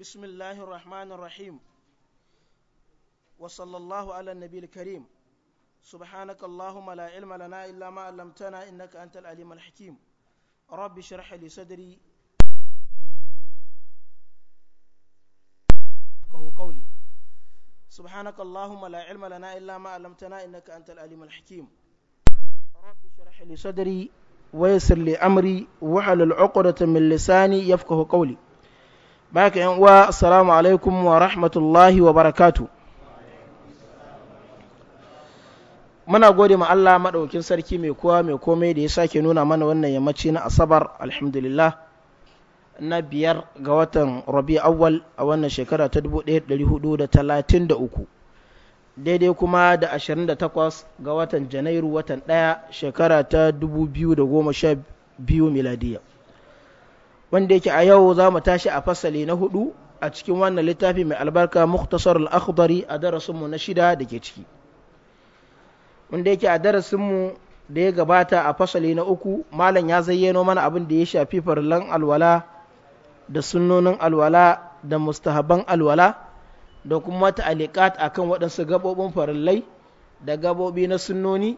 بسم الله الرحمن الرحيم وصلى الله على النبي الكريم سبحانك اللهم لا علم لنا إلا ما علمتنا إنك أنت العليم الحكيم رب اشرح لي صدري قولي سبحانك اللهم لا علم لنا إلا ما علمتنا إنك أنت العليم الحكيم رب اشرح لي صدري ويسر لي أمري وحل العقدة من لساني يفقه قولي baka yan uwa assalamu alaikum wa rahmatullahi wa barakatu muna gode ma Allah maɗaukin sarki mai kowa mai komai da ya sake nuna mana wannan yammaci na asabar alhamdulillah na biyar ga watan rabi awwal a wannan shekara ta 1433 daidai kuma da 28 ga watan janairu watan ɗaya shekara ta 2012 miladiya wanda yake a yau za mu tashi a fasali na hudu a cikin wannan littafi mai albarka muktasar al-akhdari a darasinmu na shida da ke ciki wanda yake a darasinmu da ya gabata a fasali na uku malam ya zayyano mana abin da ya shafi farlan alwala da sunnonin alwala da mustahaban alwala da kuma ta'alikat akan waɗansu gabobin farillai da gabobi na sunnoni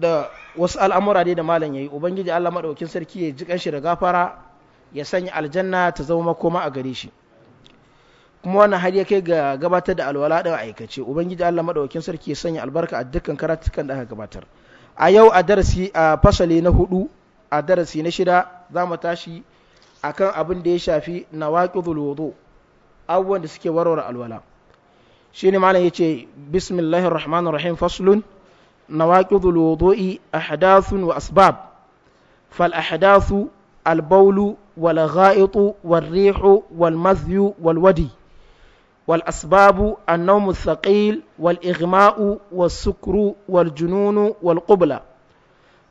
da wasu al'amura dai da malam ya yi ubangiji Allah maɗaukin sarki ya ji ƙanshi da gafara ya sanya aljanna ta zama makoma a gare shi kuma wannan har ya kai ga gabatar da alwala da aikace ubangiji Allah maɗaukin sarki ya sanya albarka a dukkan karatukan da aka gabatar a yau a darasi a fasali na hudu a darasi na shida za mu tashi akan abin da ya shafi na waƙi zulwazo abubuwan da suke warware alwala shine malam ya ce rahmanir rahim faslun نواقض الوضوء أحداث وأسباب فالأحداث البول والغائط والريح والمذي والودي والأسباب النوم الثقيل والإغماء والسكر والجنون والقبلة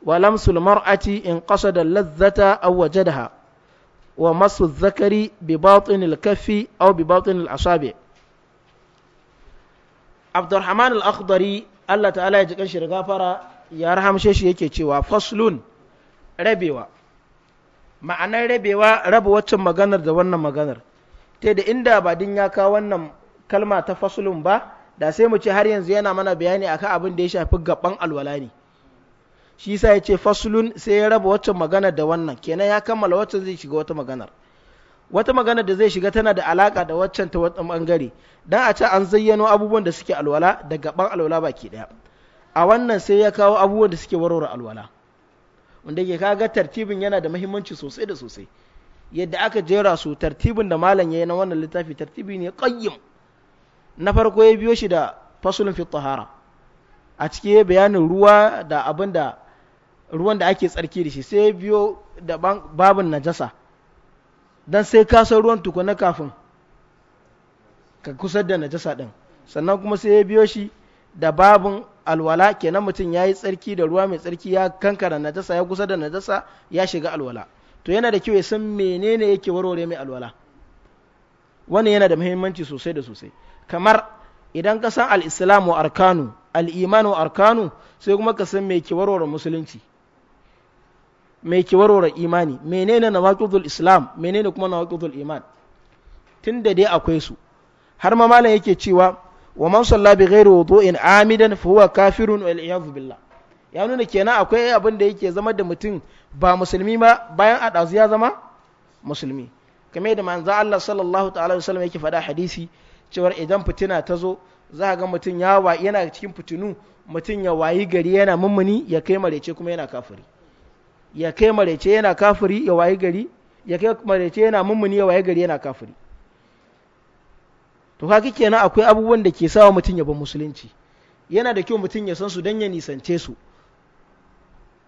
ولمس المرأة إن قصد اللذة أو وجدها ومس الذكر بباطن الكف أو بباطن الأصابع عبد الرحمن الأخضري Allah ta'ala ya ji kanshi riga fara ya rahamshe shi yake cewa faslun rabewa ma'anar rabewa raba waccan maganar da wannan maganar ta da inda ba din ya kawo wannan kalma ta faslun ba da sai mu ce har yanzu yana mana bayani akan abin da ya shafi gaban alwala ne shi sa ya ce faslun sai ya raba waccan maganar da wannan kenan ya kammala waccan zai shiga wata maganar wata magana da zai shiga tana da alaka da waccan ta wata bangare dan a ce an zayyano abubuwan da suke alwala da gaban alwala baki daya a wannan sai ya kawo abubuwan da suke warware alwala wanda ke kaga tartibin yana da muhimmanci sosai da sosai yadda aka jera su tartibin da malam yi na wannan littafi tartibi ne qayyim na farko ya biyo shi da fasulun fi tahara a ciki bayanin ruwa da abin da ruwan da ake tsarki da shi sai ya biyo da babin najasa don sai ka san ruwan tukuna kafin ka kusa da najasa ɗin sannan kuma sai ya biyo shi da babin alwala kenan mutum ya yi tsarki da ruwa mai tsarki ya kankara najasa ya kusa da najasa ya shiga alwala to yana da kyau ya san menene yake warware mai alwala wannan yana da muhimmanci sosai da sosai kamar idan ka san al-islamu arkanu al-imanu arkanu sai kuma ka san me ke warware musulunci mai ke warware imani menene nawaqidul islam menene kuma nawaqidul iman tun da dai akwai su har ma malam yake cewa wa man salla bi ghairi wudu'in amidan fa huwa kafirun wal iyad billah ya nuna kenan akwai abin da yake zama da mutum ba musulmi ba bayan a dazu ya zama musulmi kamar da manzo Allah sallallahu ta'ala wasallam yake faɗa hadisi cewa idan fitina ta zo za ga mutum ya yana cikin fitinu mutum ya wayi gari yana mummuni ya kai ce kuma yana kafiri ya kai marece yana kafiri ya wayi gari ya kai marece yana mummuni ya wayi gari yana kafiri to haka kenan akwai abubuwan da ke sawa mutum ya bar musulunci yana da kyau mutum ya san su don ya nisance su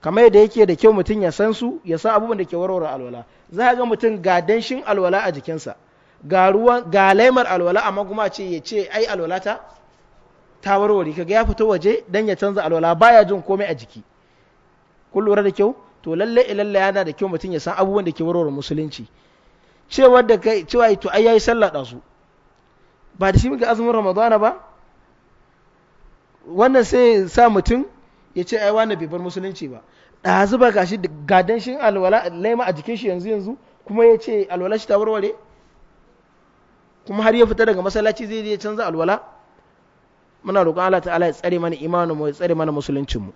kamar yadda yake da kyau mutum ya san su ya san abubuwan da ke warware alwala za ga mutum ga danshin alwala a jikinsa ga ruwan ga laimar alwala amma kuma ce ya ce ai alwala ta ta warware kaga ya fito waje dan ya canza alwala baya jin komai a jiki kun lura da kyau to lalle lalle yana da kyau mutum ya san abubuwan da ke warware musulunci cewa da kai cewa to ai yayi sallah da su ba da shi muka azumin ramadana ba wannan sai sa mutum ya ce ai wannan bai bar musulunci ba ɗazu ba gashi ga danshin alwala laima a jikin shi yanzu yanzu kuma ya ce alwala shi ta warware kuma har ya fita daga masallaci zai je canza alwala muna roƙon Allah ta'ala ya tsare mana imanin mu ya tsare mana musuluncin mu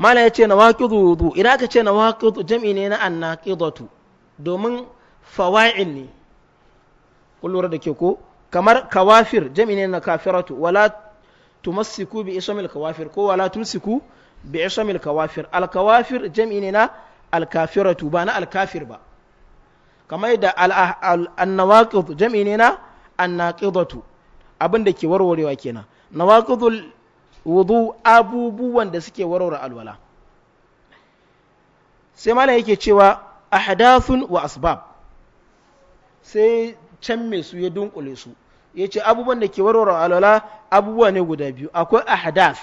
mala ya ce na waƙidu wudu idan aka ce na waƙidu jam'i ne na annaqidatu domin fawa'in ne kun da ke ko kamar kawafir jam'i ne na kafiratu wala tumassiku bi ismil kawafir ko wala tumsiku bi ismil kawafir al kawafir jam'i ne na al kafiratu ba na al kafir ba kamar da al ah, annawaqid jam'i ne na annaqidatu abin da ke warwarewa kenan nawaqidul wudu abubuwan da suke warware alwala sai malam yake cewa ahdathun wa asbab sai can me su ya dunkule su ya ce abubuwan da ke warware alwala abubuwa ne guda biyu akwai ahdath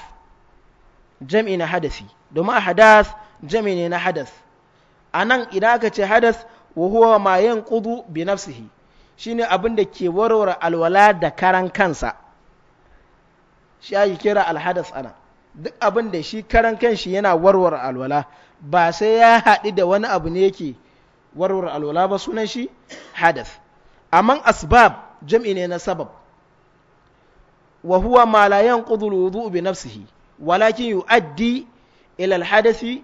jam'i na hadasi domin ahdath jam'i ne na hadas a nan idan aka ce hadas wa huwa ma yanqudu bi nafsihi shine abin da ke warware alwala da karan kansa shi ya kira alhadas ana duk abin da shi karan kanshi yana warwar alwala ba sai ya haɗu da wani abu ne yake warwar alwala ba sunan shi hadas amma asbab jam'i ne na sabab wa huwa ma la yanqudhu alwudu bi nafsihi walakin yuaddi ila alhadasi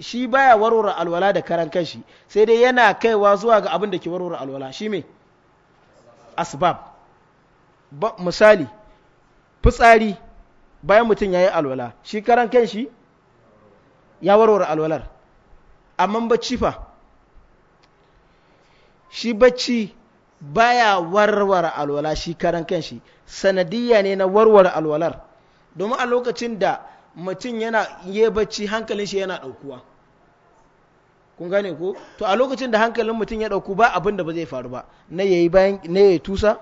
shi baya warware alwala da karan kanshi sai dai yana kaiwa zuwa ga abin da ke warware alwala shi me asbab misali fitsari bayan mutum ya yi alwala shi karan kyan shi ya warware alwalar amma bacci fa shi bacci baya warware alwala shi karan kyan shi sanadiyya ne na warware alwalar domin a lokacin da mutum yana yi bacci hankalin shi yana ɗaukuwa kun gane ko to a lokacin da hankalin mutum ya ɗauku ba abin da ba zai faru ba na yayi bayan na yayi tusa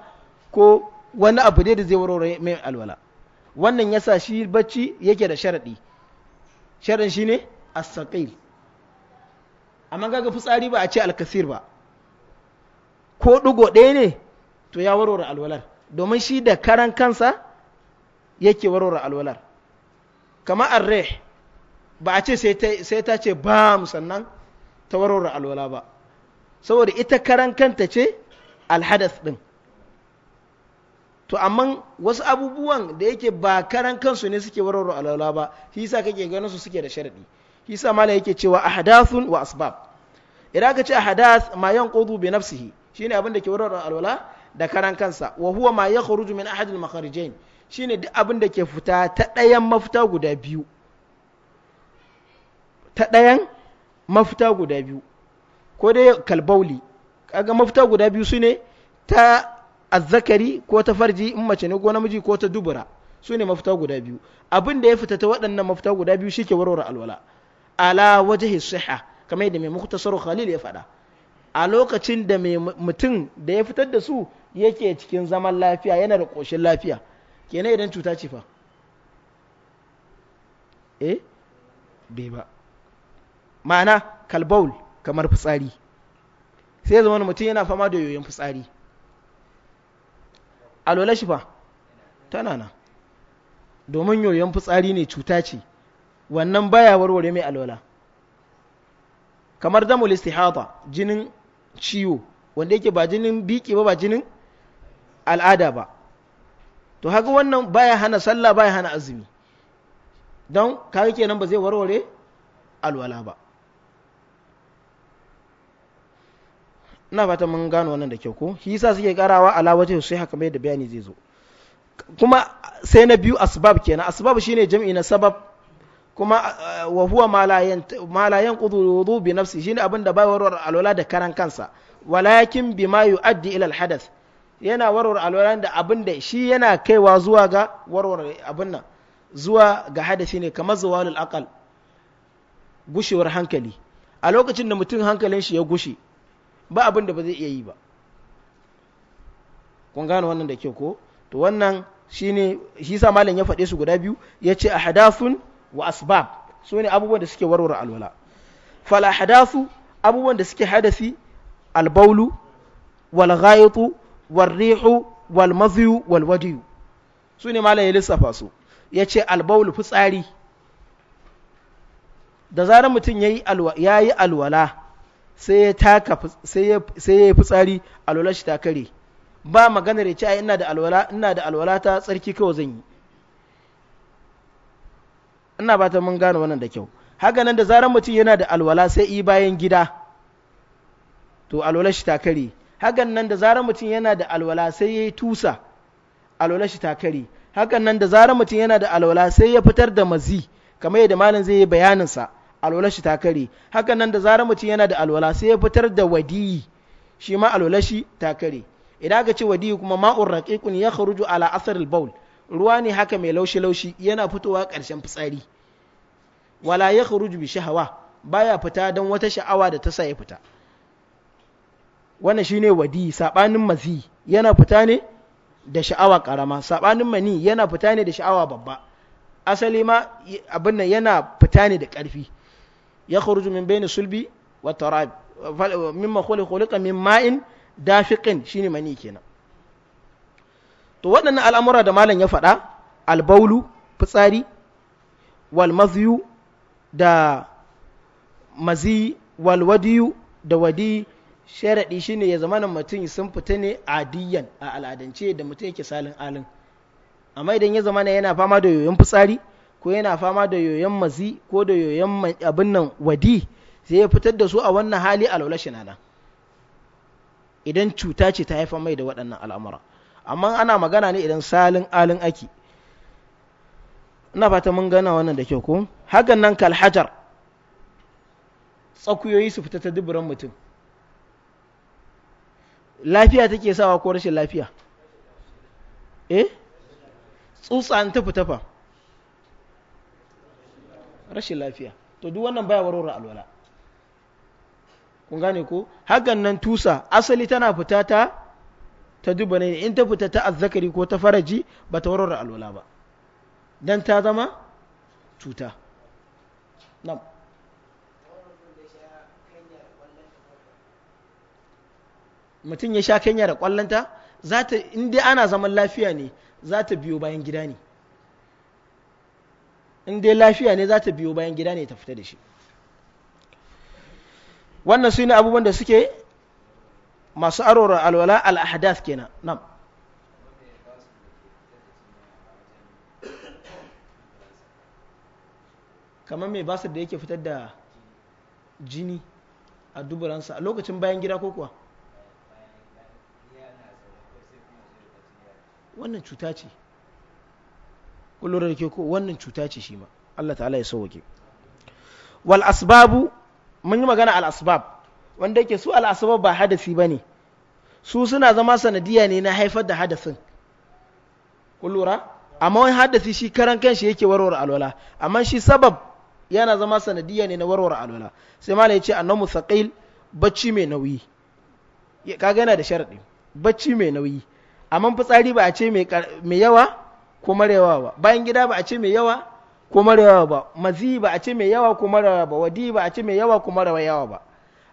ko wani abu ne da zai warware mai alwala wannan ya sa shi bacci yake da sharaɗi sharadin shi ne a saqil amma gaga fitsari ba a ce alkasir ba ko ɗigo ɗaya ne to ya warware alwalar domin shi da karan kansa yake warware alwalar kama arre ba a ce sai ta ce ba sannan ta warware alwala ba saboda ita karan kanta ce alhadas ɗin to amma wasu abubuwan da yake ba karan kansu ne suke warware alwala ba shi yasa kake ganin su suke da sharadi shi yasa mala yake cewa ahdathun wa asbab idan ka ce ahdath ma yanqudu bi nafsihi shine abin da ke warware alwala da karan kansa wa huwa ma yakhruju min ahadil makharijain shine duk abin da ke fita ta ɗayan mafita guda biyu ta ɗayan mafita guda biyu ko dai kalbauli kaga mafita guda biyu su ne ta azzakari ko ta farji in mace ne ko namiji ko ta dubura su ne mafita guda biyu abin da ya fita ta waɗannan mafita guda biyu shi ke warware alwala ala wajhi siha kamar yadda mai muktasar khalil ya faɗa a lokacin da mai mutum da ya fitar da su yake cikin zaman lafiya yana da ƙoshin lafiya kenan idan cuta ce fa eh bai ba ma'ana kalbaul kamar fitsari sai zaman mutum yana fama da yoyon fitsari alwala shi fa tana nan domin yoyon fitsari ne cuta ce wannan baya warware mai alwala kamar damul istihada jinin ciwo wanda yake ba jinin biki ba ba jinin al'ada ba to haka wannan baya hana sallah baya hana azumi don kaga kenan ba zai warware alwala ba ina fata mun gano wannan da kyau ko shi yasa suke karawa ala wajhi sai haka mai da bayani zai zo kuma sai na biyu asbab kenan asbab shine jam'i na sabab kuma eh, wa huwa malayan malayan qudu wudu bi nafsi shine abin da bai warwar alwala da karan kansa walakin bima yuaddi ila al hadath yana warwar alwala da abin da shi yana kaiwa zuwa ga warwar abin nan zuwa ga hadasi ne kamar zawalul aqal gushewar hankali a lokacin da mutum hankalin shi ya gushe ba abin da ba zai iya yi ba kun gane wannan da ke ko to wannan ne shi sa malam ya faɗe su guda biyu ya ce ahadathun wa asbab su ne abubuwan da suke warware alwala fal ahadasu abubuwan da suke hadafi albaulu wal warrihu wal rihu wal wal wadiyu su ne malam ya lissafa su ya ce albaulu fitsari da zarar mutum ya yi alwala sai ya taka sai ya fitsari alwala shi ta kare ba maganar ya ce ai ina da alwala ina da alwala ta tsarki kawai zan yi ina ba ta mun gano wannan da kyau haka nan da zarar mutum yana da alwala sai yi bayan gida to alwala shi ta kare hakan nan da zarar mutum yana da alwala sai ya yi tusa alwala shi ta kare hakan nan da zarar mutum yana da alwala sai ya fitar da mazi kamar yadda malam zai yi bayaninsa alwalar shi ta kare hakan nan da zarar mutum yana da alwala sai ya fitar da wadiyi shi ma alwalar shi ta kare idan aka ce wadiyi kuma ma'ur raqiqun ya kharuju ala asar al-bawl ruwa ne haka mai laushi laushi yana fitowa karshen fitsari wala ya kharuju bi shahawa baya fita don wata sha'awa da ta sa ya fita wannan shine wadi sabanin mazi yana fita ne da sha'awa karama sabanin mani yana fita ne da sha'awa babba asali ma abin nan yana fita ne da ƙarfi يخرج من بين الصلب والتراب مما خلق خلق من ماء dafiƙin shi ne mani kenan to waɗannan al'amura da malam ya faɗa albaulu fitsari walmaziyu da mazi walwadiyu da wadi sharaɗi shi ne ya zama mutum sun fita ne adiyan a al'adance da mutum yake salin alin amma idan ya zama yana fama da yoyon fitsari ko yana fama da yoyon mazi ko da yoyon abin nan wadi sai ya fitar da su a wannan hali a shi na idan cuta ce ta haifa mai da waɗannan al'amura amma ana magana ne idan salin alin aki ina fata mun gana wannan da kyau ko hakan nan kalhajar tsakuyoyi su fita ta duburan mutum lafiya take sawa ko rashin lafiya eh tsutsa ta fita fa rashin lafiya to duk wannan baya warware alwala kun gane ko hakan nan tusa asali tana fita ta ta duba ne in ta fita ta azzakari ko ta faraji ba ta warware alwala ba dan ta zama cuta nam mutum ya sha kanya da kwallonta za ta in ana zaman lafiya ne za ta biyo bayan gida ne in dai lafiya ne za ta biyo bayan gida ne ta fita da shi wannan su ne abubuwan da suke masu arora alwala al'ahadas kenan nam kamar mai basir da yake fitar da jini a duburansa a lokacin bayan gida ko kuwa wannan cuta ce kullum da ke ko wannan cuta ce shi ma Allah ta'ala ya sauke wal asbabu mun yi magana al asbab wanda yake su al asbab ba hadasi bane su suna zama sanadiya ne na haifar da hadasin kun lura amma wani hadasi shi karan kanshi yake warware alwala amma shi sabab yana zama sanadiya ne na warware alwala sai malai ya ce annamu thaqil bacci mai nauyi kaga yana da sharadi bacci mai nauyi amma fitsari ba a ce mai yawa ko marewa ba bayan gida ba a ce mai yawa ko marewa ba mazi ba a ce mai yawa ko marewa ba wadi ba a ce mai yawa ko marewa yawa ba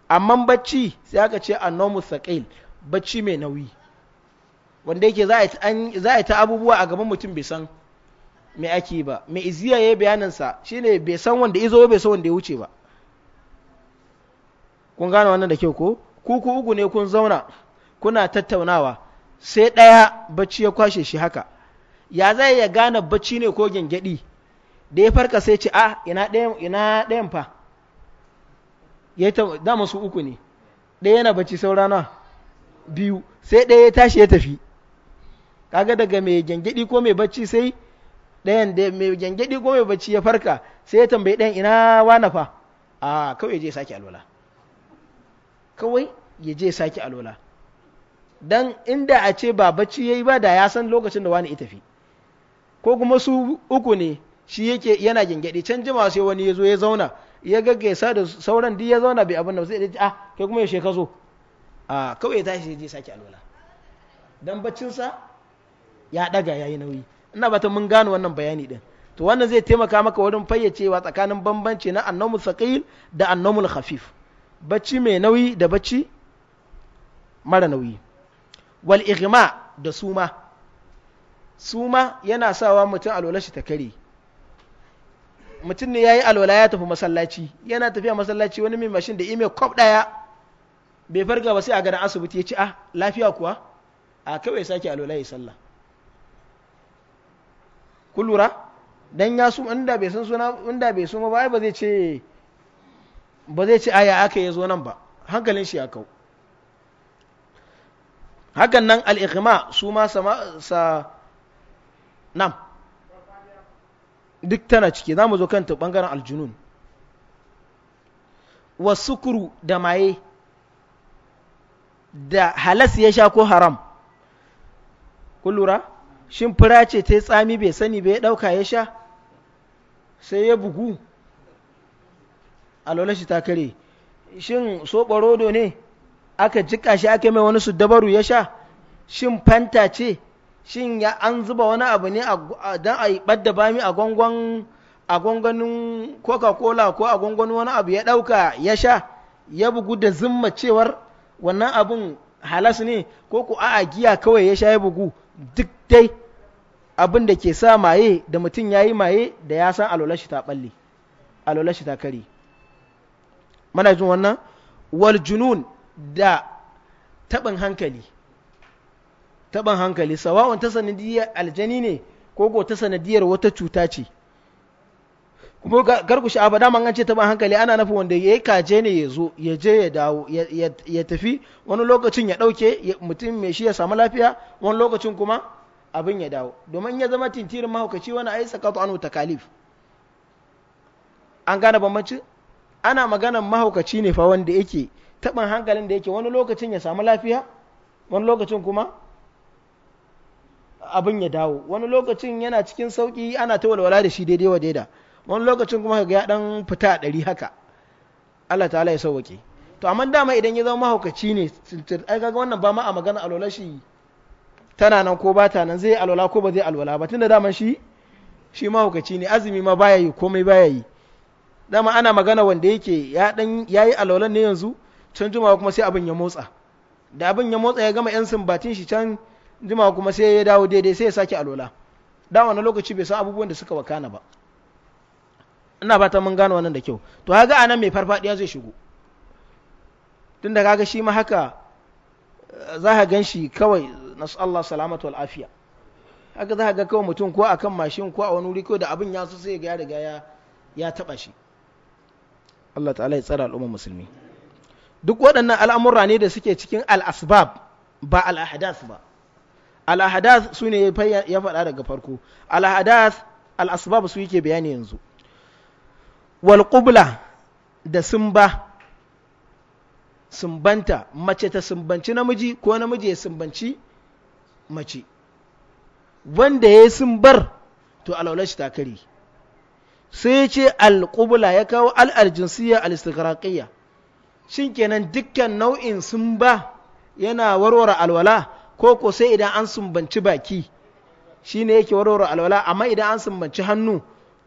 amma bacci sai aka ce nomu saqil bacci mai nauyi wanda yake za a yi ta abubuwa a gaban mutum bai san me ake ba mai iziya ya yi bayaninsa shine bai san wanda izo bai san wanda ya wuce ba kun gane wannan da kyau ko ku ku ugu ne kun zauna kuna tattaunawa sai ɗaya bacci ya kwashe shi haka ya zai ya gane bacci ne ko gyangyaɗi da ya farka sai ce ah, a ina ɗayan fa ya ta dama su uku ne ɗaya yana bacci saurana biyu sai ɗaya ya tashi ya tafi kaga daga mai gyangyaɗi ko mai bacci sai ɗayan da mai gyangyaɗi ko mai bacci ya farka sai ya tambayi ɗayan ina wana fa a ah, kawai je sake alwala kawai ya je sake alwala dan inda a ce ba bacci ya yi ba da ya san lokacin da wani ya tafi ko kuma su uku ne shi yake yana gyangyaɗi can jima sai wani ya zo ya zauna ya gagge sa da sauran duk ya zauna bai abin da sai ya ah kai kuma yaushe ka zo a kawai ya tashi je sake alwala dan baccinsa ya daga yayi nauyi ina bata mun gano wannan bayani din to wannan zai taimaka maka wurin fayyacewa tsakanin bambanci na annamu saqil da annamul khafif bacci mai nauyi da bacci mara nauyi wal igma da suma su ma yana sawa mutum alwala shi ta kare mutum ne ya yi alwala ya tafi masallaci yana tafiya masallaci wani mai mashin da ime kwab ɗaya bai farga ba sai a garin asibiti ya ci a ah, lafiya kuwa a kawai sake alwala ya sallah ku lura dan ya su inda bai san suna inda bai suma ba ba zai ce ba zai ce aya ah, aka ya zo nan ba hankalin shi ya kau hakan nan al-ikhma su ma sa nam duk tana ciki za mu zo kanta ɓangaren aljunun wasukuru da maye da halas ya sha ko haram kun shin fura ce ta tsami bai sani bai ɗauka ya sha sai ya bugu alola shi ta kare shin soɓa ne aka jika shi aka mai wani su dabaru ya sha shin fanta ce shin ya an zuba wani abu ne don a yi ɓadda bami a gwangwan a gwangwanin coca-cola ko a gwangwanin wani abu ya ɗauka ya sha ya bugu da zimma cewar wannan abun halas ne ko ku a giya kawai ya sha ya bugu duk dai abin da ke sa maye da mutum ya yi maye da ya san alolashi ta ɓalle alolashi ta kari mana jin wannan wal junun da taɓin hankali taban hankali sawa'un ta sanadiyar aljani ne ko ko ta sanadiyar wata cuta ce kuma garku sha'a ba daman an ce taban hankali ana nufin wanda ya yi kaje ne ya zo ya je ya dawo ya tafi wani lokacin ya ɗauke mutum mai shi ya samu lafiya wani lokacin kuma abin ya dawo domin ya zama tintirin mahaukaci wani ayi sakatu anu takalif an gane bambanci ana maganan mahaukaci ne fa wanda yake taban hankalin da yake wani lokacin ya samu lafiya wani lokacin kuma abin ya dawo wani lokacin yana cikin sauki ana ta walwala da shi daidai wa daida wani lokacin kuma ga ya dan fita ɗari haka Allah ta'ala ya sauwake to amma dama idan ya zama mahaukaci ne ai kaga wannan ba ma a magana alwala shi tana nan ko ba ta nan zai alwala ko ba zai alwala ba tunda dama shi shi mahaukaci ne azumi ma baya yi komai baya yi dama ana magana wanda yake ya dan yayi alwalan ne yanzu can juma'a kuma sai abin ya motsa da abin ya motsa ya gama yan sumbatin shi can jima kuma sai ya dawo daidai sai ya sake alola da wani lokaci bai san abubuwan da suka wakana ba ina ba mun gano wannan da kyau to kaga anan mai farfadiya zai shigo tun da kaga shi ma haka eh, za ka gan shi kawai nasu Allah salamatu wal afiya haka za ka ga kawai mutum ko akan mashin ko a wani wuri ko da abin ya so sai ya riga ya ya taba shi Allah ta'ala ya tsara al'ummar musulmi duk waɗannan al'amura ne da suke cikin alasbab ba al ba al-ahadath su ne ya faɗa daga farko al-ahadath al-asbab su yake bayani yanzu wal qubla da simba sumbanta mace ta sumbanci namiji ko namiji ya sumbanci mace wanda ya sumbar to alaular ta kare sai ce alƙubula ya kawo al al'istikraƙiyya shin kenan dukkan nau'in sumba yana warware alwala ko ko sai idan an sumbanci baki shi ne yake warware alwala amma idan an sumbanci hannu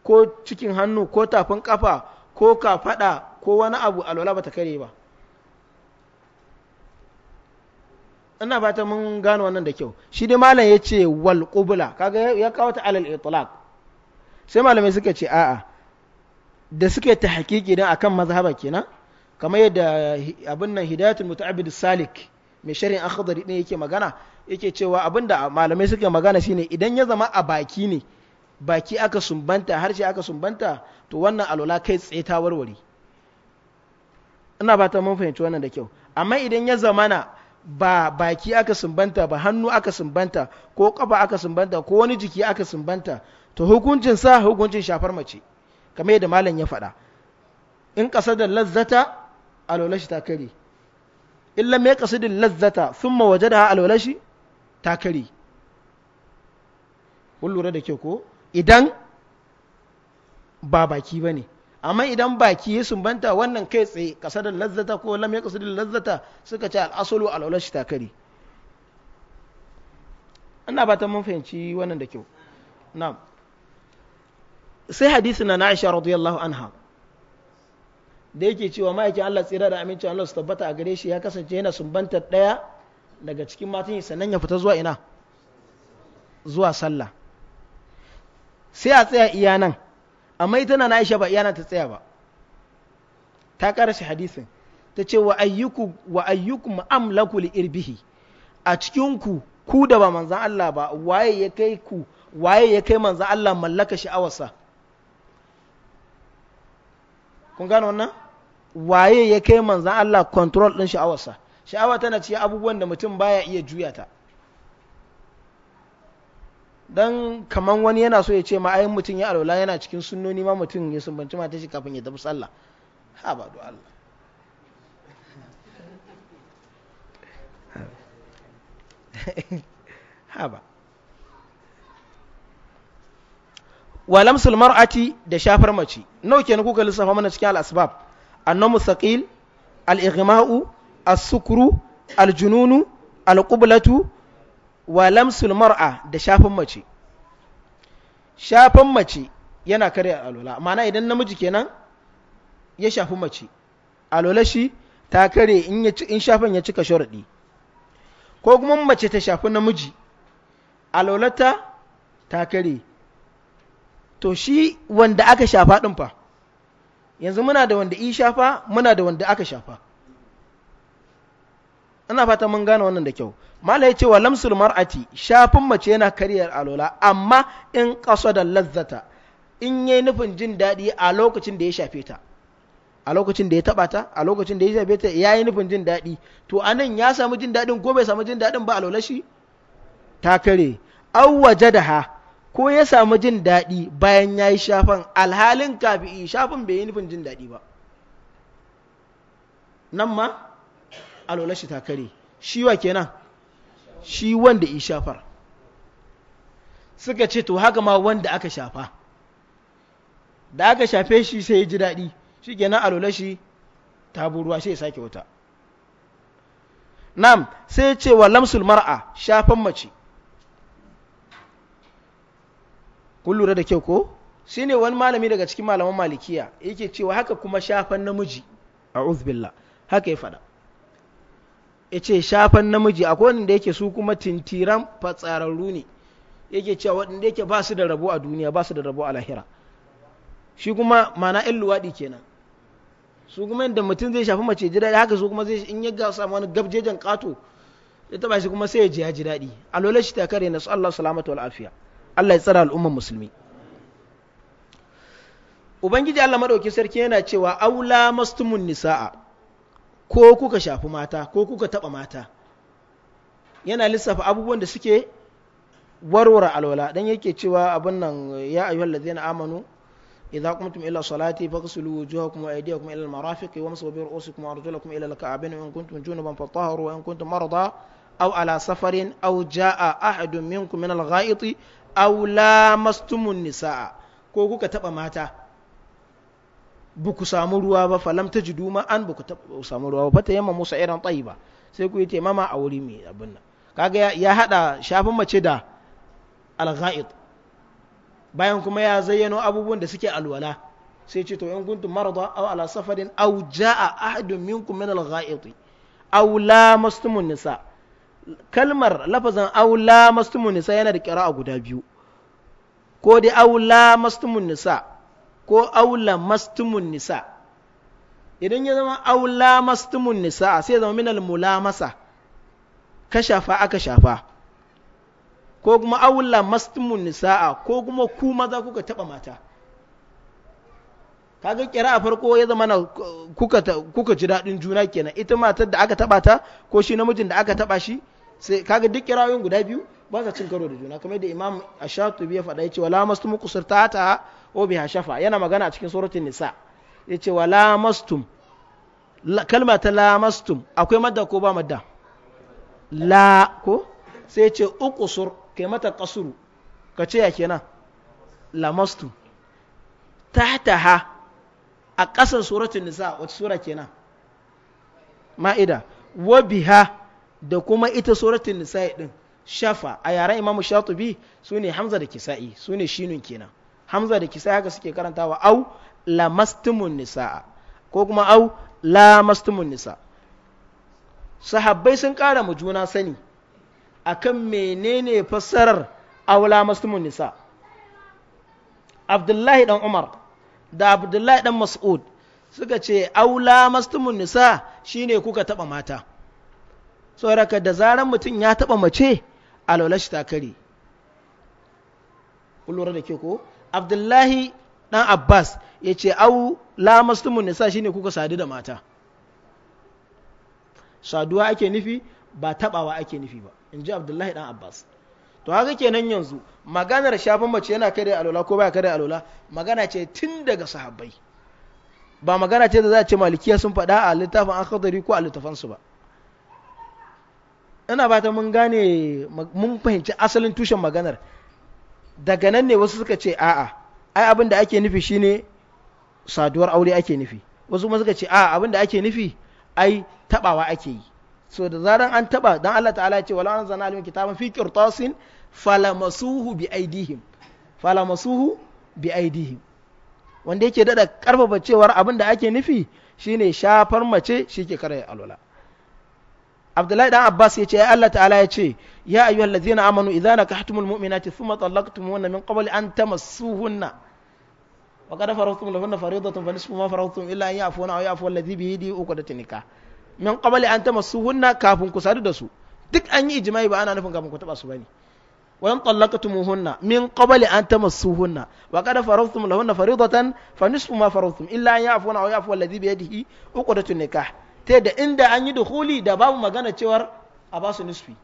ko cikin hannu ko tafin kafa ko kafada ko wani abu alwala bata kare ba ina fata mun gano wannan da kyau shi dai malam ya ce wal qubla kaga ya kawo ta alal itlaq sai malamai suka ce a'a da suke ta hakiki dan akan mazhaba kenan kamar yadda abin nan hidayatul muta'abbid salik mai shari'in akhdari din yake magana yake cewa abinda malamai suke magana shine idan ya zama a baki ne baki aka sumbanta harshe aka sumbanta to wannan alola kai tsaye ta warware ina ba ta mun fahimci wannan da kyau amma idan ya zama na ba baki aka sumbanta ba hannu aka sumbanta ko kafa aka sumbanta ko wani jiki aka sumbanta to hukuncin sa hukuncin shafar mace kamar yadda malam ya faɗa in ƙasa da lazzata alola shi ta kare in lam yaqsid al-lazzata da wajadaha alwalashi ta kare kun lura da ke ko idan ba baki ba ne amma idan baki ya sumbanta wannan kai tsaye kasa da lazzata ko lam ya lazzata suka ce al'asulu al'ulashi takari ina ba ta mun fahimci wannan da kyau na sai hadisi na na aisha radiyallahu anha da yake cewa ma'aikin Allah tsira da amincin Allah su tabbata a gare shi ya kasance yana sumbanta ɗaya daga cikin matan sannan ya fita zuwa ina zuwa sallah sai a tsaya iya nan amma ita na Aisha ba iya nan ta tsaya ba ta shi hadisin ta ce wa ayyuku wa ayyuku amlaku li irbihi a cikin ku ku da ba manzan Allah ba waye ya kai ku waye ya kai manzan Allah mallaka sha'awarsa kun gane wannan waye ya kai manzan Allah control ɗin sha'awarsa sha'awa tana ci abubuwan da mutum baya iya juya ta dan kaman wani yana so ya ce ma ayin mutum ya alwala yana cikin sunnoni ma mutum ya sumbanci mata shi kafin ya tafi sallah ha ba do Allah ha ba walamsul mar'ati da shafar mace nau kenan kuka lissafa mana cikin al'asbab annamu saqil al-ighma'u aljununu, sukru al-jununu wa lamsul mar'a da shafin mace shafin mace yana karya alola mana idan namiji kenan ya shafi mace alola shi ta kare in in shafin ya cika sharaɗi ko kuma mace ta shafi namiji alolata ta kare to shi wanda aka shafa ɗin fa yanzu muna da wanda i shafa muna da wanda aka shafa ina fata mun gane wannan da kyau mala ya ce wa lamsul mar'ati shafin mace yana karyar alola amma in kaso da lazzata in yayi nufin jin daɗi a lokacin da ya shafe ta a lokacin da ya taɓa ta a lokacin da ya shafe ta ya yi nufin jin daɗi to anan ya samu jin daɗin ko bai samu jin daɗin ba alola shi ta kare awwaje da ha ko ya samu jin daɗi bayan ya yi shafan alhalin kafi'i shafin bai yi nufin jin daɗi ba nan ma alwala shi takare shi wa kenan shi wanda yi shafar suka ce to haka ma wanda aka shafa da aka shafe shi sai ya ji daɗi shi kenan alwala shi ta buruwa sai ya sake wuta nan sai ce wa lamsul mar'a shafan mace kun lura da kyau ko shine wani malami daga cikin malaman malikiya yake cewa haka kuma shafan namiji a uzbilla haka ya faɗa ya ce shafan namiji akwai wanda yake su kuma tintiran fatsararru ne yake cewa waɗanda yake ba su da rabo a duniya ba su da rabo a lahira shi kuma mana yan luwaɗi kenan su kuma yadda mutum zai shafi mace ji daɗi haka su kuma zai in ya ga samu wani gabjejen kato ya taɓa shi kuma sai ya ji ya ji daɗi a lola shi ta kare na su Allah salamatu wal afiya Allah ya tsara al'ummar musulmi ubangiji Allah madauki sarki yana cewa aula mastumun nisa'a ko kuka shafi mata ko kuka taɓa mata yana lissafa abubuwan da suke warware alwala don yake cewa abin nan ya ayyuhal ladzina amanu idza qumtum ila salati faghsilu wujuhakum wa aydiyakum ila al-marafiqi wamsahu bi ru'usikum wa arjulakum ila al-ka'bayn in kuntum junuban fatahharu wa in kuntum marada aw ala safarin aw min al-gha'iti aw nisaa ko kuka taba mata ba ku samu ruwa ba falam ta duma an ba ku samu ruwa ba ta yamma musa irin tsayi ba sai kuyi taimama a wuri kaga ya haɗa shafin mace da algha'id bayan kuma ya zayyano abubuwan da suke alwala sai ce to in kuntu marada aw ala safarin aw jaa ahadun minkum min algha'id aw lamastum nisa kalmar lafazin aula mastumun nisa yana da a guda biyu ko dai aula mastumun nisa ko aula mastumun nisa idan ya zama aula mastumun nisa sai zama minal masa ka shafa aka shafa ko kuma aula mastumun nisa ko kuma ku maza kuka taba mata kaga kira a farko ya zama na kuka ji daɗin juna kenan ita matar da aka taba ta ko shi namijin da aka taba shi sai kaga duk kirayoyin guda biyu ba sa cin karo da juna kamar da imam ashatubi ya faɗa yace wala mastum qusurtata wa biha shafa yana magana a cikin suratul nisa yace wala mastum kalma ta la mastum akwai madda ko ba madda la ko sai yace uqsur kai mata qasru ka ce ya kenan la mastum tahtaha a ƙasar suratul nisa wata sura kenan ma'ida wa biha da kuma ita suratul nisa'i din shafa a yaren imamu shatubi su ne hamza da kisa'i su ne shinun kenan hamza da kisa'i haka suke karantawa au lamastumun nisa'a ko kuma au lamastumun nisa sahabbai sun kara mu juna sani akan menene fassarar au lamastumun nisa abdullahi dan umar da abdullahi dan mas'ud suka ce au lamastumun nisa shine kuka taba mata tsoraka da zaran mutum ya taɓa mace alwala shi ta kare da ke ko abdullahi dan abbas ya ce au lamastumun nisa shine kuka sadu da mata saduwa ake nufi ba tabawa ake nufi ba in ji abdullahi dan abbas to haka kenan yanzu maganar shafin mace yana kare alola ko baya kare alola magana ce tun daga sahabbai ba magana ce da za a ce malikiya sun faɗa a littafin an ko a littafansu ba ina ba ta mun gane mun fahimci asalin tushen maganar daga nan ne wasu suka ce a'a ai abin da ake nufi shine saduwar aure ake nufi wasu kuma suka ce a'a abin da ake nufi ai tabawa ake yi so da zaran an taba dan Allah ta'ala ya ce wala an zana kitaban fi qirtasin falamasuhu bi aidihim falamasuhu bi aidihim wanda yake dada karfafa cewar abin da ake nufi shine shafar mace shike karaya alwala abdullahi dan abbas ya ce ya allah ta'ala ya ce ya ayyuhal ladzina amanu idan idza nakahtumul mu'minati thumma talaqtumuhunna min qabli an tamassuhunna wa qad faradtum lahunna fariidatan fa nisfu ma faradtum illa an ya'funa aw ya'fu alladhi bi yadihi uqdatun nikah min qabli an tamassuhunna kafin ku sadu da su duk an yi ijma'i ba ana nufin kafin ku taba su bane wa in talaqtumuhunna min qabli an tamassuhunna wa qad faradtum lahunna fariidatan fa nisfu ma faradtum illa an ya'funa aw ya'fu alladhi bi yadihi uqdatun nikah ta da inda an yi duhuli da babu magana cewar a ba su nisfi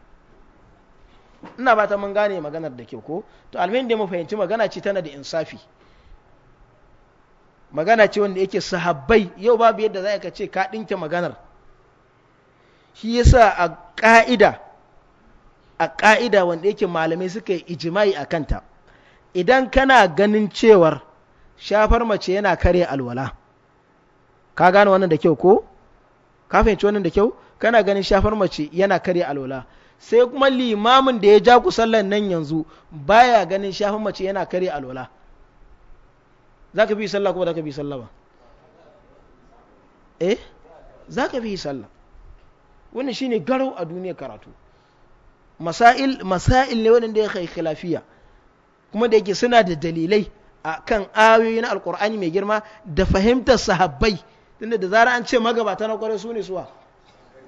ina ba ta mun gane maganar da kyau ko to almin da mu fahimci magana ce tana da insafi magana ce wanda yake sahabbai yau babu yadda za ka ce ka ɗinke maganar shi yasa a ƙa'ida a ƙa'ida wanda yake malamai suka yi ijimai a kanta idan kana ganin cewar shafar mace yana kare alwala ka gane wannan da kyau ko ka fahimci wannan da kyau kana ganin shafar mace yana kare alwala sai kuma limamin da ya ja ku sallan nan yanzu baya ganin shafar mace yana kare alwala za ka bi sallah ko za ka bi sallah ba eh za ka bi sallah wannan shine garau a duniyar karatu masail masail ne wanda ya kai khilafiya kuma da yake suna da dalilai a kan ayoyi na alkur'ani mai girma da fahimtar sahabbai tunda da zara an ce magabata na kwarai su ne suwa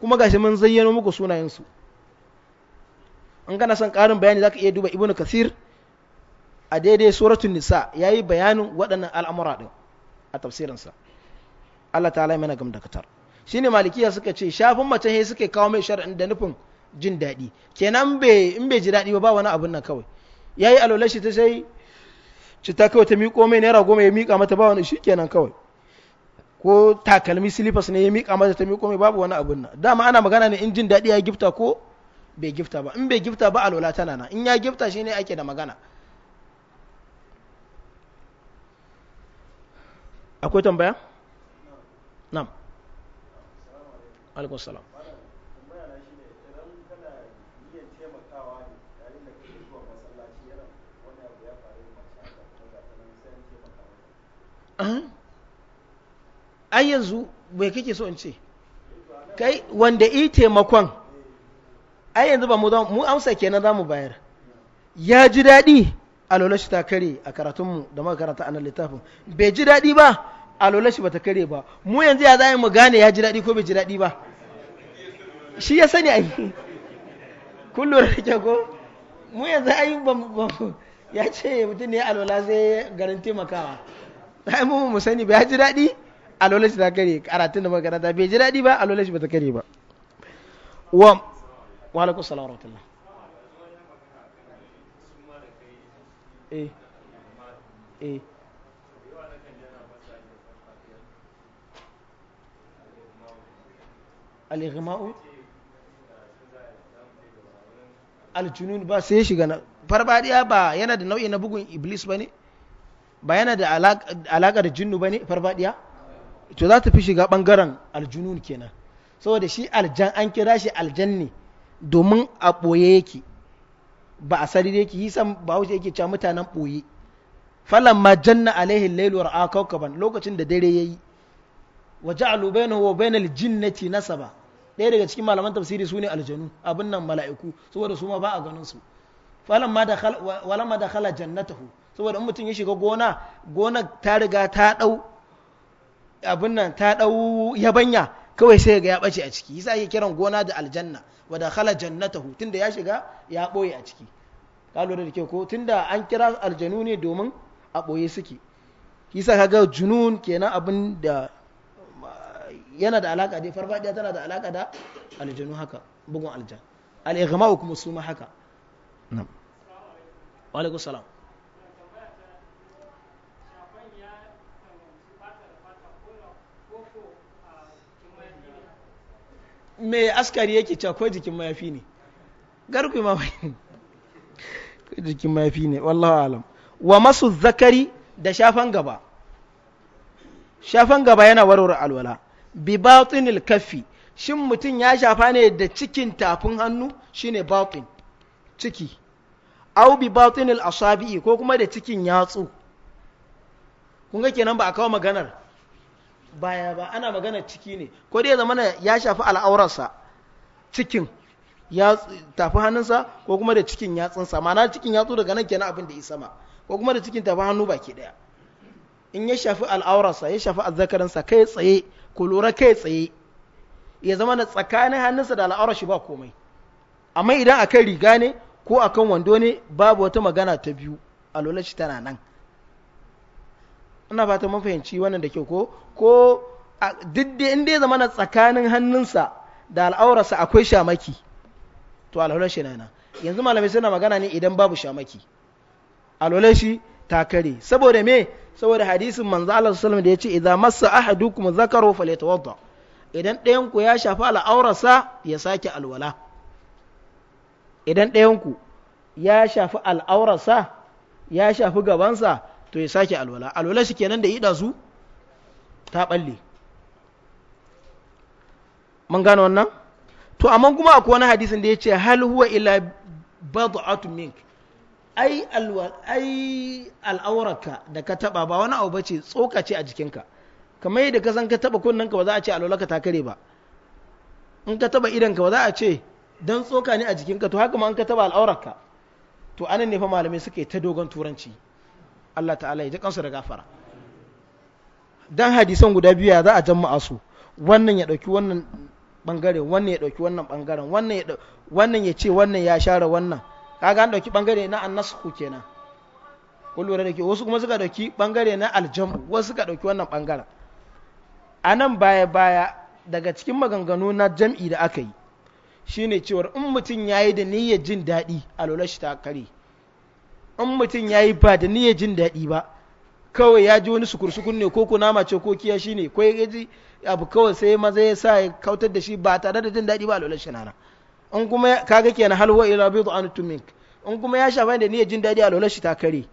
kuma gashi mun zayyano muku sunayensu an gana son karin bayani zaka iya duba ibnu kasir a daidai suratul nisa yayi bayanin waɗannan al'amura din a tafsirinsa Allah ta'ala mana gam dakatar shine malikiya suka ce shafin mace he suke kawo mai shar'in da nufin jin daɗi kenan bai in bai ji daɗi ba ba wani abun nan kawai yayi alolashi ta sai ci ta kawai ta miƙo mai naira goma ya miƙa mata ba wani shi kenan kawai ko takalmi silifas ne ya miƙa mata ta miƙo mai babu wani abun nan dama ana magana ne in jin daɗi ya gifta ko bai gifta ba in bai gifta ba alwala tana nan in ya gifta shi ne ake da magana akwai tambaya? na'am alaikum salam ai yanzu bai kake so in ce kai wanda i taimakon ai yanzu ba mu mu amsa kenan za mu bayar ya ji daɗi alola shi ta kare a karatunmu da muka karanta a nan littafin bai ji daɗi ba alola shi ba ta kare ba mu yanzu ya za mu gane ya ji daɗi ko bai ji daɗi ba shi ya sani ai kullu rake da ko mu yanzu ai ba ya ce mutum ne a lola sai garin taimakawa ai mu mu sani ba ya ji daɗi alolar shi ta kare karatun da makaranta bai ji daɗi ba alolar shi ba ta kare ba wa wa alaikum salam wa rahmatullah eh eh al aljunun ba sai shiga na farfadiya ba yana da nau'i na bugun iblis ba ne ba yana da alaƙa da jinnu ba ne farfadiya to za ta fi shiga bangaren aljunun kenan saboda shi aljan an kira shi aljan ne domin a ɓoye yake ba a sarari yake yi san ba wuce yake cewa mutanen ɓoye falan ma janna alaihi lailu ra'a kaukaban lokacin da dare ya yayi wa ja'alu bainahu wa na ci nasaba ɗaya daga cikin malaman tafsiri ne aljanu abin nan mala'iku saboda su ma ba a ganin su falan ma da walamma jannatahu saboda in mutum ya shiga gona gona ta riga ta ɗau. abin nan ta ɗau yabanya kawai sai ga ya ɓace a ciki yasa ake kiran gona da aljanna wa da khala jannatahu tunda ya shiga ya ɓoye a ciki ka lura da ke ko tunda an kira aljanu ne domin a ɓoye suke yasa kaga junun kenan abin da yana da alaka dai farfadiya tana da alaka da aljanu haka bugun aljan al-ighma'u kuma suma haka na'am wa alaikum salam me askari yake cewa ko jikin mafi ne garku ma jikin mafi ne wallahu alam wa masu zakari da shafan gaba shafan gaba yana warware alwala bi batinil kaffi shin mutum ya shafa ne da cikin tafin hannu shine batin ciki au bi batinil asabi'i ko kuma da cikin yatsu kun ga kenan ba a kawo maganar baya ba ana magana ciki ne ko dai zama ya shafi al'aurarsa cikin ya tafi hannunsa ko kuma da cikin yatsunsa ma'ana cikin yatsu daga nan kenan abin da ya sama ko kuma da cikin tafi hannu baki daya in ya shafi al'aurarsa ya shafi azzakarinsa kai tsaye ku lura kai tsaye ya zama na tsakanin hannunsa da al'aurar shi ba komai amma idan akan riga ne ko akan wando ne babu wata magana ta biyu a tana nan ina fata mun fahimci wannan da ke ko ko duk da inda ya zama na tsakanin hannunsa da al'aurarsa akwai shamaki to alwalar shi nana yanzu malamai suna magana ne idan babu shamaki alwalar shi ta kare saboda me saboda hadisin manzo Allah sallallahu da ya ce idza massa ahadukum zakaru falyatawadda idan ɗayan ku ya shafi al'aurarsa ya sake alwala idan ɗayan ku ya shafi al'aurarsa ya shafi gabansa to ya sake alwala alwala shi kenan da ida su ta balle mun gano wannan to amma kuma akwai wani hadisin da ya ce hal huwa ila bad'atu mink ai alwal ai al'auraka da ka taba ba wani abu bace tsoka ce a jikinka kamar yadda ka san ka taba ka ba za a ce ka ta kare ba in ka taba ka ba za a ce dan tsoka ne a jikinka to haka ma in ka taba al'aurarka to anan ne fa malamai suka yi ta dogon turanci Allah ta'ala ya ji kansu da gafara dan hadisan guda biyu ya za a jama'a su wannan ya dauki wannan bangare wannan ya dauki wannan bangaren wannan ya wannan ya ce wannan ya share wannan kaga an dauki bangare na annasku kenan kun lura da ke wasu kuma suka dauki bangare na aljamu wasu suka dauki wannan bangaren a nan baya baya daga cikin maganganu na jam'i da aka yi shine cewar in mutum ya yi da niyyar jin daɗi a lolar ta kare in mutum ya yi ba da niyyar jin daɗi ba kawai ya ji wani sukursukun ne ko kunama ce ko kiya shi ne ko ya ji abu kawai sai maza ya sa ya kautar da shi ba tare da jin daɗi ba a alwalar shanana in kuma kaga kenan halwa ila bidu an tumink in kuma ya shafa da niyyar jin daɗi a alwalar shi ta kare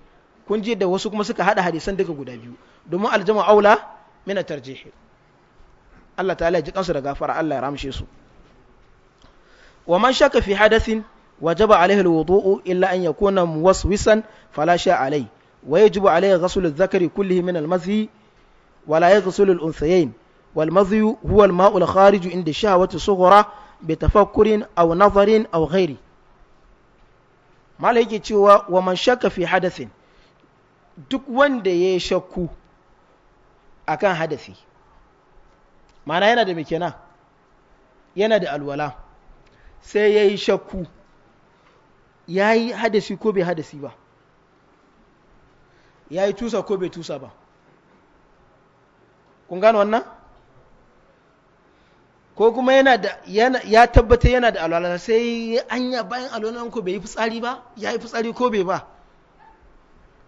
kun ji da wasu kuma suka hada hadisan duka guda biyu domin aljama aula mina tarjihi Allah ta'ala ya ji kansu da gafara Allah ya ramshe su wa man shaka fi hadathin wajaba alaihi alwudu'u illa an yakuna muwaswisan fala sha alai wa yajibu alaihi ghusl adh-dhakari kullihi min al-mazhi wa la yaghsul al-unthayayn wal mazhi huwa al-ma'u al-kharij inda shahawati sughra bi tafakkurin aw nazarin aw ghairi mala yake cewa wa man shakka fi hadathin duk wanda ya shakku akan hadasi ma'ana yana da mikena yana da alwala sai ya yi shakku ya yi hadasi ko bai hadasi ba ya yi tusa ko bai tusa ba kun gano wannan ko kuma yana da ya tabbata yana da alwala sai an ya bayan alwalan ko bai yi fitsari ba ya yi fitsari ko bai ba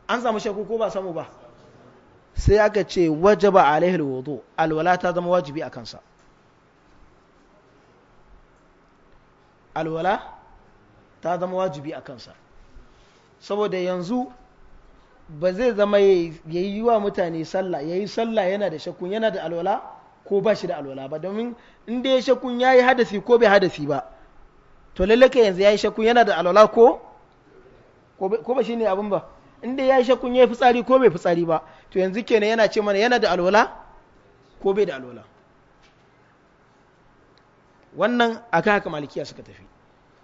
an samu shakku ko ba samu ba sai aka ce wajaba alaihi alwudu alwala ta zama wajibi a kansa alwala ta zama wajibi a kansa saboda yanzu ba zai zama ya yi wa mutane sallah ya yi sallah yana da shakkun yana da alwala ko ba shi da alwala ba domin inda ya shakkun ya yi hadasi ko bai hadasi ba to lallaka yanzu ya yi shakkun yana da alwala ko ko ba shi ne abin ba inda ya yi shakkun ya yi fitsari ko bai fitsari ba to yanzu kenan yana ce mana yana da alwala ko bai da alwala wannan aka haka malikiya suka tafi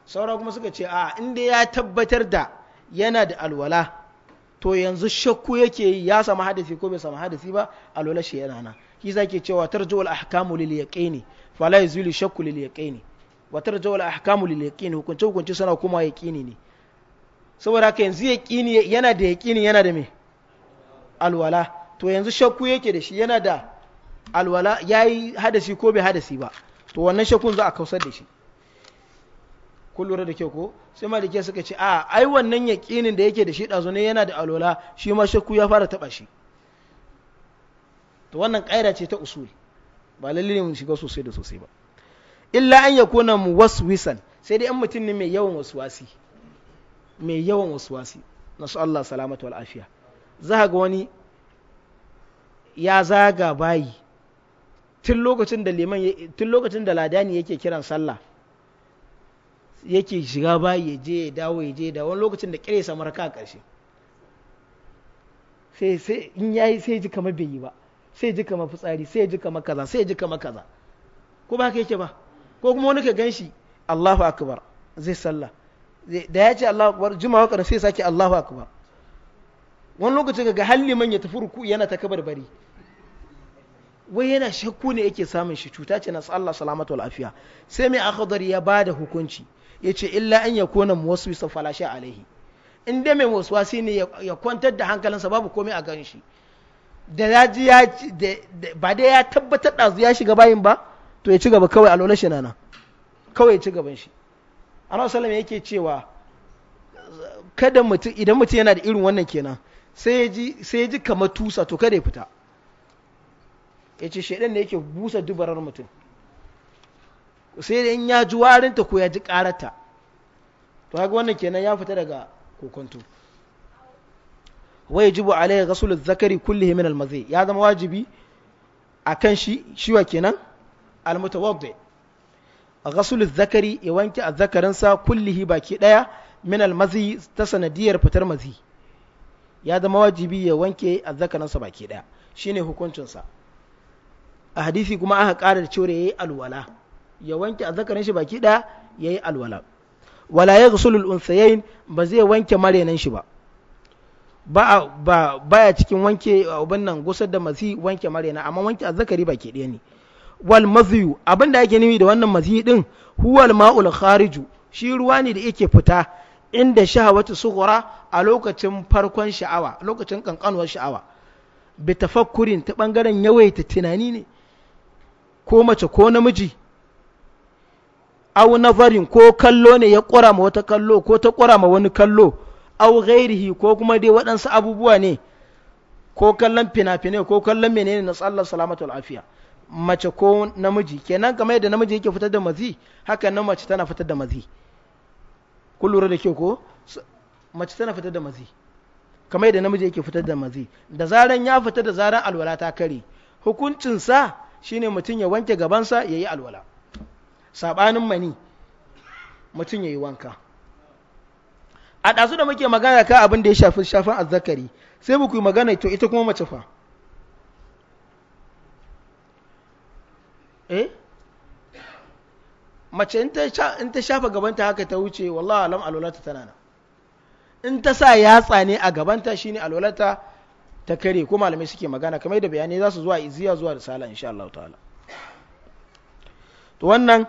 saura kuma suka ce a inda ya tabbatar da yana da alwala to yanzu shakku yake ya sami hadisi ko bai sami hadisi ba alwala shi yana nan shi zake cewa tarju al ahkamu lil yaqini fala yazulu shakku lil yaqini wa tarju al ahkamu lil yaqini hukunce hukunce suna kuma yaqini ne saboda haka yanzu yaqini yana da yaqini yana da me alwala to yanzu shakku yake da shi yana da alwala yayi hadasi ko bai hadasi ba to wannan shakkun za a kausar da shi kun da ke ko sai malike suka ce a ai wannan yaƙinin da yake da shi ɗazu ne yana da alola shi ma shakku ya fara taɓa shi to wannan ƙaira ce ta usuli ba lalle ne mu shiga sosai da sosai ba illa an yakuna muwaswisan sai dai an mutum ne mai yawan waswasi mai yawan waswasi nasu Allah salamatu wal afiya za ga wani ya zaga bayi tun lokacin da liman tun lokacin da ladani yake kiran sallah yake shiga ba ya je ya dawo ya je ya dawo wani lokacin da kire samar ka a sai sai in yayi sai ji kamar bai yi ba sai ji kamar fitsari sai ji kamar kaza sai ji kamar kaza ko ba ka yake ba ko kuma wani ka ganshi Allahu akbar zai sallah da ya ce Allahu akbar juma'a karin sai sake Allahu akbar wani lokacin ga halliman ya tafi ruku yana ta kabar bari wai yana shakku ne yake samun shi cuta ce na tsalla salamatu lafiya sai mai akhdar ya bada hukunci yace illa an ya yakuna muwaswisa fala a alaihi in dai mai shi ne ya kwantar da hankalinsa babu komai a gan shi da ya ji ya ba dai ya tabbatar da ya shiga bayin ba to ya ci gaba kawai a lola shi nana kawai ya ci gaban shi annabi ya yake cewa kada mutum idan mutum yana da irin wannan kenan sai ya ji sai ya ji kamar tusa to kada ya fita yace shaidan ne yake busa dubarar mutum sai da in ya ji warinta ko ya ji karata to haka wannan kenan ya fita daga kokonto wai jibu alai rasulul zakari kullihi min almazi ya zama wajibi akan shi shi wa kenan almutawaddi rasulul zakari ya wanke sa kullihi baki daya min almazi ta sanadiyar fitar mazi ya zama wajibi ya wanke sa baki daya shine hukuncinsa a hadisi kuma aka ƙara da cewa yayi alwala ya wanke azzakarin shi baki ɗaya ya yi alwala wala ya gusulul unsayayin ba zai wanke marenan shi ba ba ba cikin wanke abin nan gusar da mazi wanke marena amma wanke azzakari baki ɗaya ne wal maziyu abin da ake nufi da wannan mazi din huwal ma'ul khariju shi ruwa ne da yake fita inda shahawatu sughra a lokacin farkon sha'awa lokacin kankanuwar sha'awa bi tafakkurin ta bangaren yawaita tunani ne ko mace ko namiji au nazarin ko kallo ne ya ƙura ma wata kallo ko ta ƙura ma wani kallo au ghairihi ko kuma dai waɗansu abubuwa ne ko kallon fina-finai ko kallon menene na tsallar salamatul afiya mace ko namiji kenan kamar yadda namiji yake fitar da mazi haka nan mace tana fitar da mazi ku lura da kyau ko mace tana fitar da mazi kamar yadda namiji yake fitar da mazi da zaran ya fita da zaran alwala ta kare hukuncinsa shine mutum ya wanke gabansa ya yi alwala saɓanin mani mutum ya yi wanka a ɗazu da muke magana ka abin da ya shafi shafin azzakari sai muku magana to ita kuma mace fa eh mace in ta shafa gabanta haka ta wuce wallah alam alwalata tana nan in ta sa yatsa ne a gabanta shine alwalata ta kare ko malamai suke magana kamar da bayanai za su zuwa iziya zuwa risala insha Allah ta'ala to wannan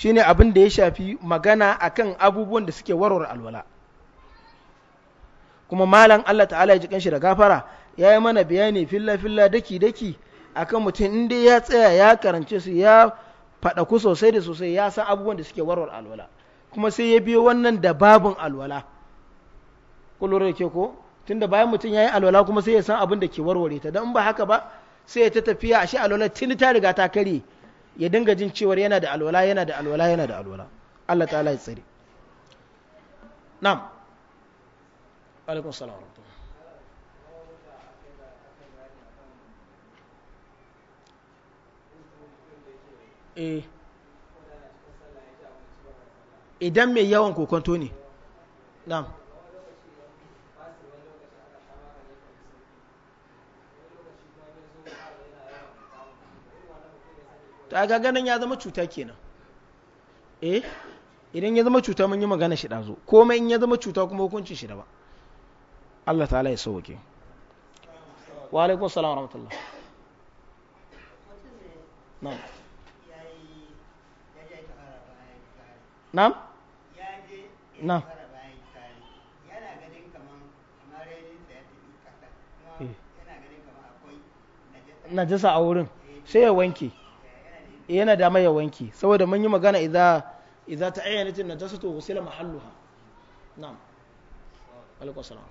Shi ne abin da ya shafi magana akan abubuwan da suke warware alwala kuma malam Allah ta'ala ya ji kanshi da gafara ya yi mana bayani filla filla daki daki akan mutum inda ya tsaya ya karance su ya ku sosai da sosai ya san abubuwan da suke warware alwala kuma sai ya biyo wannan da babin alwala kullum da ke ko tun da bayan mutum ya yi alwala kuma sai ya san abin da ke warware ta don ba haka ba sai ya ta tafiya a shi alwala tuni ta riga ta karye ya dinga jin cewar yana da alwala yana da alwala yana da alwala Allah ta'ala ya tsare na'am alaikum salam eh. idan mai yawan kokonto ne na'am to a gaganan ya zama cuta kenan eh idan ya zama cuta mun yi magana shi ɗazu komai in ya zama cuta kuma hukuncin shi ba Allah ta'ala ya sauke wa alaikum salam wa rahmatullah na'am na'am na'am eh. najasa a wurin sai ya wanke yana da mai ya saboda mun yi magana idza ta ayyana tin najasatu ghusila mahalluha na'am alaikum assalam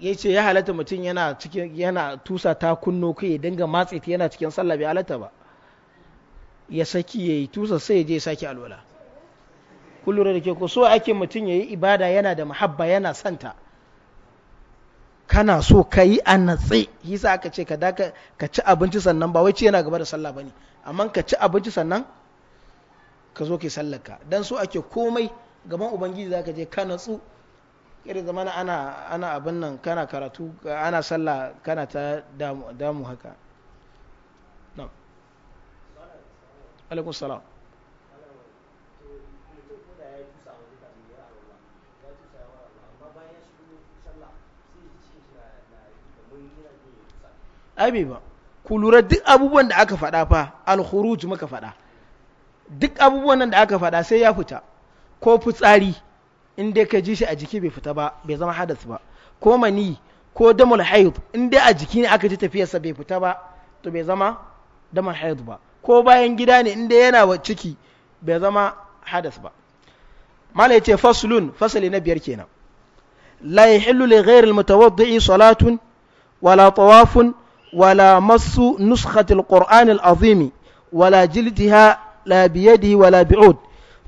ya ce ya halatta mutum yana cikin yana tusa ta kunno kai ya dinga matse ta yana cikin sallah bai halatta ba ya saki ya yi tusa sai ya je saki alwala kullum da ke ko so ake mutum ya yi ibada yana da muhabba yana santa kana so ka yi a natse hisa aka ce ka daka ka ci abinci sannan ba wai ci yana gaba da sallah bane amma ka ci abinci sannan ka zo ke sallaka dan so ake komai gaban ubangiji zaka je ka natsu yadda zamana ana ana abin nan kana karatu ana sallah kana ta damu, haka aibe ba ku lura duk abubuwan da aka faɗa fa al muka faɗa duk abubuwan nan da aka faɗa sai ya fita ko fitsari in dai ka ji shi a jiki bai fita ba bai zama hadas ba ko mani ko damul haid in dai a jiki ne aka ji tafiyarsa bai fita ba to bai zama damul haid ba ko bayan gida ne in dai yana wa ciki bai zama hadas ba mala yace faslun fasali na biyar kenan la yahillu li ghayril mutawaddi salatun wala tawafun ولا مص نسخة القرآن العظيم ولا جلدها لا بيده ولا بعود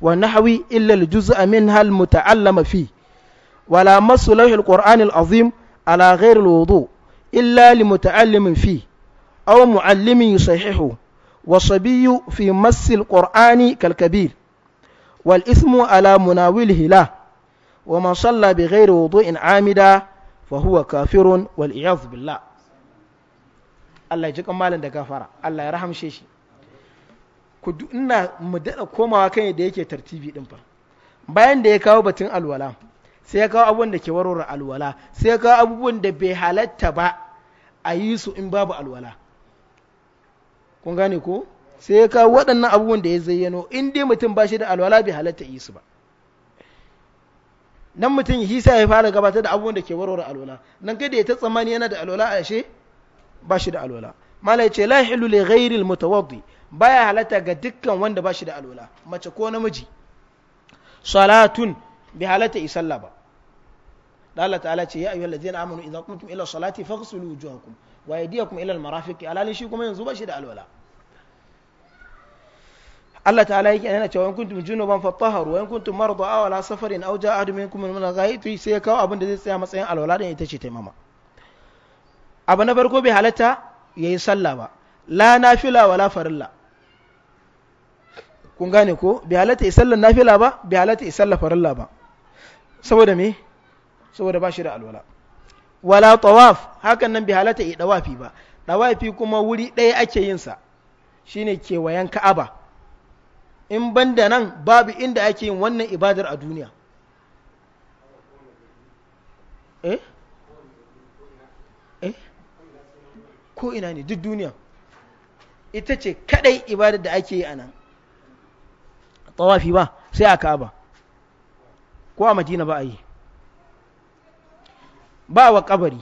ونحوي إلا الجزء منها المتعلم فيه ولا مص لوح القرآن العظيم على غير الوضوء إلا لمتعلم فيه أو معلم يصححه والصبي في مس القرآن كالكبير والإثم على مناوله له ومن صلى بغير وضوء عامدا فهو كافر والعياذ بالله Allah ya ji kan malam da gafara Allah ya rahamshe shi ku ina mu daɗa komawa kan yadda yake tartibi ɗin fa bayan da ya kawo batun alwala sai ya kawo abubuwan da ke warware alwala sai ya kawo abubuwan da bai halatta ba a yi su in babu alwala kun gane ko sai ya kawo waɗannan abubuwan da ya zayyano in dai mutum ba shi da alwala bai halatta yi su ba nan mutum hisa ya fara gabatar da abubuwan da ke warware alwala nan da ya ta tsammani yana da alwala a ashe ba shi da alwala mala ya ce la hilu li ghairil mutawaddi baya halatta ga dukkan wanda ba shi da alwala mace ko namiji salatun bi halata isalla ba da Allah ta'ala ce ya ayyuhal ladzina amanu idza qumtum ila salati faghsilu wujuhakum wa aydiyakum ila al marafiqi alalin shi kuma yanzu ba shi da alwala Allah ta'ala yake yana cewa in kuntum junuban fatahharu wa in kuntum marda aw ala safarin aw ja'a ahadun minkum min al-ghaib sai ya kawo abin da zai tsaya matsayin alwala da ita ce taimama abu na farko bai halatta ya yi sallah ba la nafila wa la farilla kun gane ko bai halatta ya sallar nafila ba bai halatta ya sallah farilla ba saboda me saboda ba shi da alwala wala tawaf hakan nan bai halatta ya dawafi ba dawafi kuma wuri ɗaya ake yin sa shine kewayen ka'aba in banda nan babu inda ake yin wannan ibadar a duniya eh ko ina ne duk duniya ita ce kadai ibadar da ake yi a nan tawafi ba sai a ka'aba ko a madina ba a yi ba wa kabari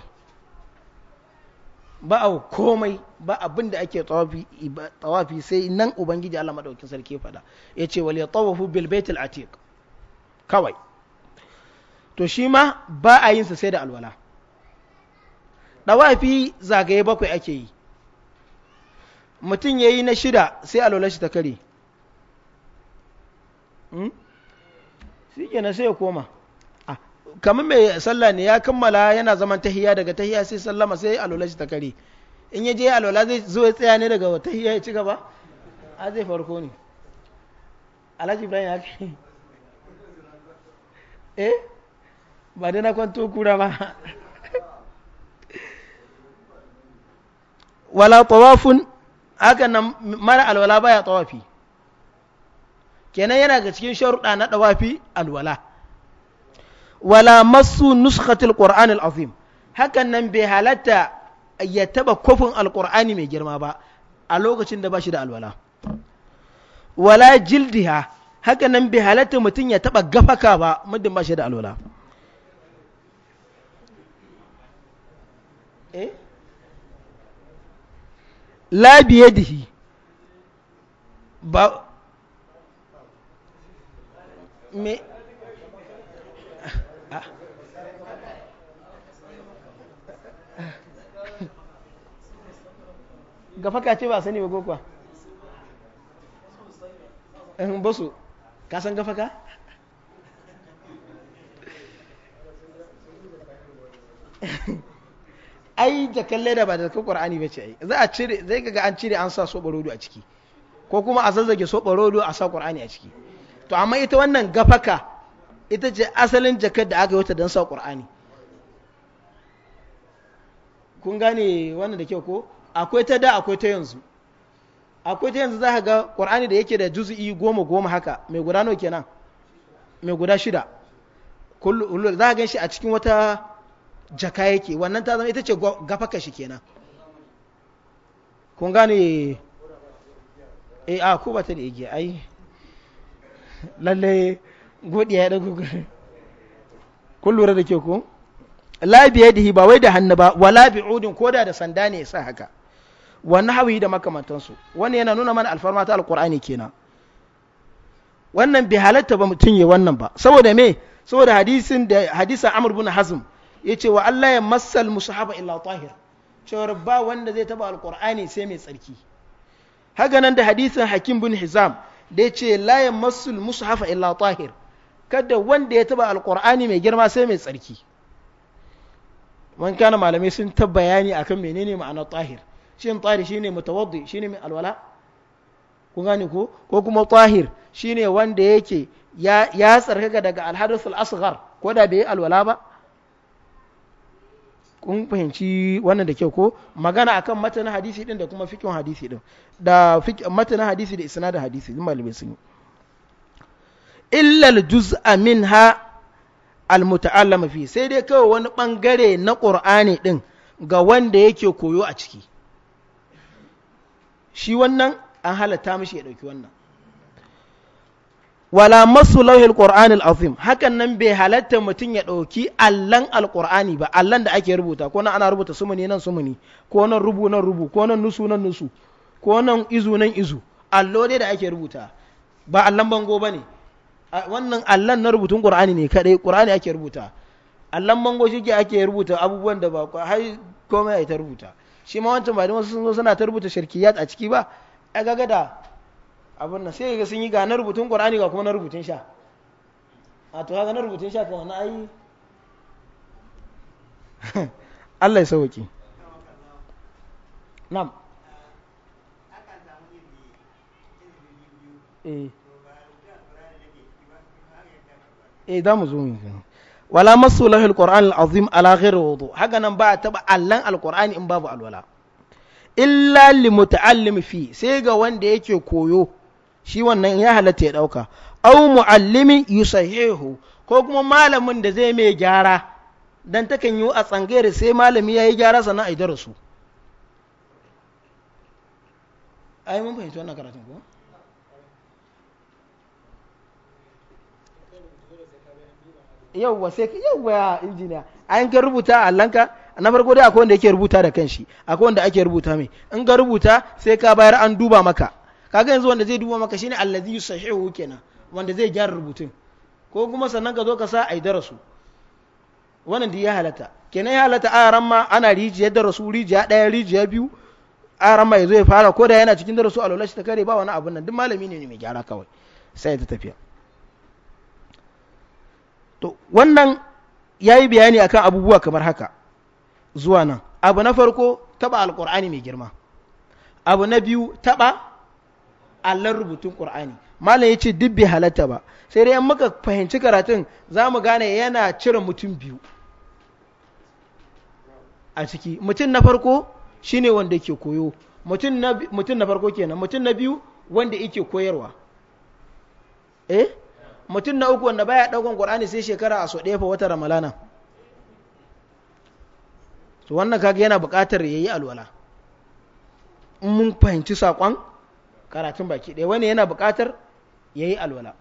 ba a komai ba abin da ake tawafi sai nan ubangiji Allah madaukin sarki fada ya ce wal yatawafu bil baitil atiq kawai to shi ma ba a yin sa sai da alwala ɗawafi zagaye bakwai ake yi mutum ya yi na shida sai lola shi ta kare hmm? shi sai ya koma kamar mai sallah ne ya kammala yana zaman tahiya daga tahiya sai sallama sai lola shi ta kare in ya je lola zai zo ya tsaya ne daga tahiya ya ci gaba a zai farko ne alhaji ibrahim ya eh ba dai na kwanto kura ba wala tawafun haka nan mara alwala baya tawafi kenan yana ga cikin sharuɗa na tawafi alwala wala masu nuskatul qur'an al'azim hakan nan bai halatta ya taba kofin alqur'ani mai girma ba a lokacin da ba shi da alwala wala jildiha haka nan bai halatta mutum ya taba gafaka ba muddin ba shi da alwala eh la biyadihi ba me gafaka ce ba sani ba ko kuwa ɗan eh, basu ka san gafaka ai da kalle da ba jakan qur'ani bace ai za a cire zai ga an cire an sa soɓa a ciki ko kuma a zazzage soɓa a sa qur'ani a ciki to amma ita wannan gafaka ita ce asalin jakar da aka yi wata don sa qur'ani kun gane wannan da kyau ko akwai ta da akwai ta yanzu akwai ta yanzu za ka ga qur'ani da yake da juz'i goma goma haka mai guda nawa kenan mai guda shida za ka gan shi a cikin wata jaka yake wannan ta zama ita ce gafaka shi kenan kun gane eh, a ku ta da igiya ai lalle godiya ya dago kun lura da ke ku la biyadihi ba wai da hannu ba wala bi'udin koda da sanda ne sa haka wani hawi da makamantansu wani yana nuna mana alfarma ta alkur'ani kenan wannan bai halatta ba mutum ya wannan ba saboda me saboda hadisin da hadisin amr hazm yace wa Allah ya massal mushaf illa tahir cewar ba wanda zai taba alkur'ani sai mai tsarki hakanan da hadisin hakim bin hizam da yace la ya massul mushaf illa tahir kada wanda ya taba alqur'ani mai girma sai mai tsarki man kana malamai sun ta bayani akan menene ma'ana tahir shin tahir shine mutawaddi shine mai alwala ku gane ko ko kuma tahir shine wanda yake ya tsarkaka daga alhadathul asghar ko da bai alwala ba kun fahimci wannan da kyau ko magana akan matanin hadisi din da kuma fikin hadisi din da matanin hadisi da isnadin hadisi din malamai sun yi illal juz'a minha almuta'allama fi sai dai kawai wani ɓangare na qur'ani ɗin ga wanda yake koyo a ciki shi wannan an halatta mashi ya ɗauki wannan wala masu lauhin ƙor'anil azim hakan nan bai halatta mutum ya ɗauki allan alƙur'ani ba allan da ake rubuta ko nan ana rubuta sumuni nan sumuni ko nan rubu nan rubu ko nan nusu nan nusu ko nan izu nan izu allo dai da ake rubuta ba allan bango ba ne wannan allan na rubutun ƙur'ani ne kaɗai ƙur'ani ake rubuta allan bango shi ake rubuta abubuwan da ba har komai ai ta rubuta shi ma wancan ba da wasu sun zo suna ta rubuta shirkiyat a ciki ba a gagada abin nan sai ga sun yi ga na rubutun qur'ani ga kuma na rubutun sha a to haka na rubutun sha kuma na ayi Allah ya sauki na'am eh da eh, mu zo mu wala masu lahil qur'an azim ala ghairi wudu haka nan ba taba allan alqur'ani in babu alwala illa li muta'allimi fi sai ga wanda yake koyo shi wannan ya halatta ya ɗauka au mu'allimi yusahihu ko kuma malamin da zai mai gyara dan kan yi a tsangayar sai malami ya yi gyara sannan a yi darasu ai mun fahimci wannan karatun ko yauwa sai ka yauwa injiniya an ka rubuta a lanka na farko dai akwai wanda yake rubuta da kanshi akwai wanda ake rubuta mai in ka rubuta sai ka bayar an duba maka kaga yanzu wanda zai duba maka shine allazi yusahihu kenan wanda zai gyara rubutun ko kuma sannan ka zo ka sa ai darasu wannan da ya halatta kenan ya halatta aran ma ana rijiyar darasu rijiya ɗaya rijiya biyu aran ran ma ya zo ya fara ko da yana cikin darasu a lalashi ta kare ba wani abun nan duk malami ne mai gyara kawai sai ta tafiya to wannan ya yi bayani akan abubuwa kamar haka zuwa nan abu na farko taba alqur'ani mai girma abu na biyu taba allon rubutun ƙur'ani malam ya ce duk bai halatta ba sai dai in muka fahimci karatun za mu gane yana cire mutum biyu a ciki mutum na farko shine wanda ke koyo mutum na farko kenan mutum na biyu wanda yake koyarwa eh mutum na uku wanda baya ɗaukan ƙur'ani sai shekara a soɗe ɗaya fa wata ramalana to wannan kaga yana buƙatar ya yi alwala in mun fahimci saƙon karatun baki ɗaya wani yana buƙatar ya yi alwala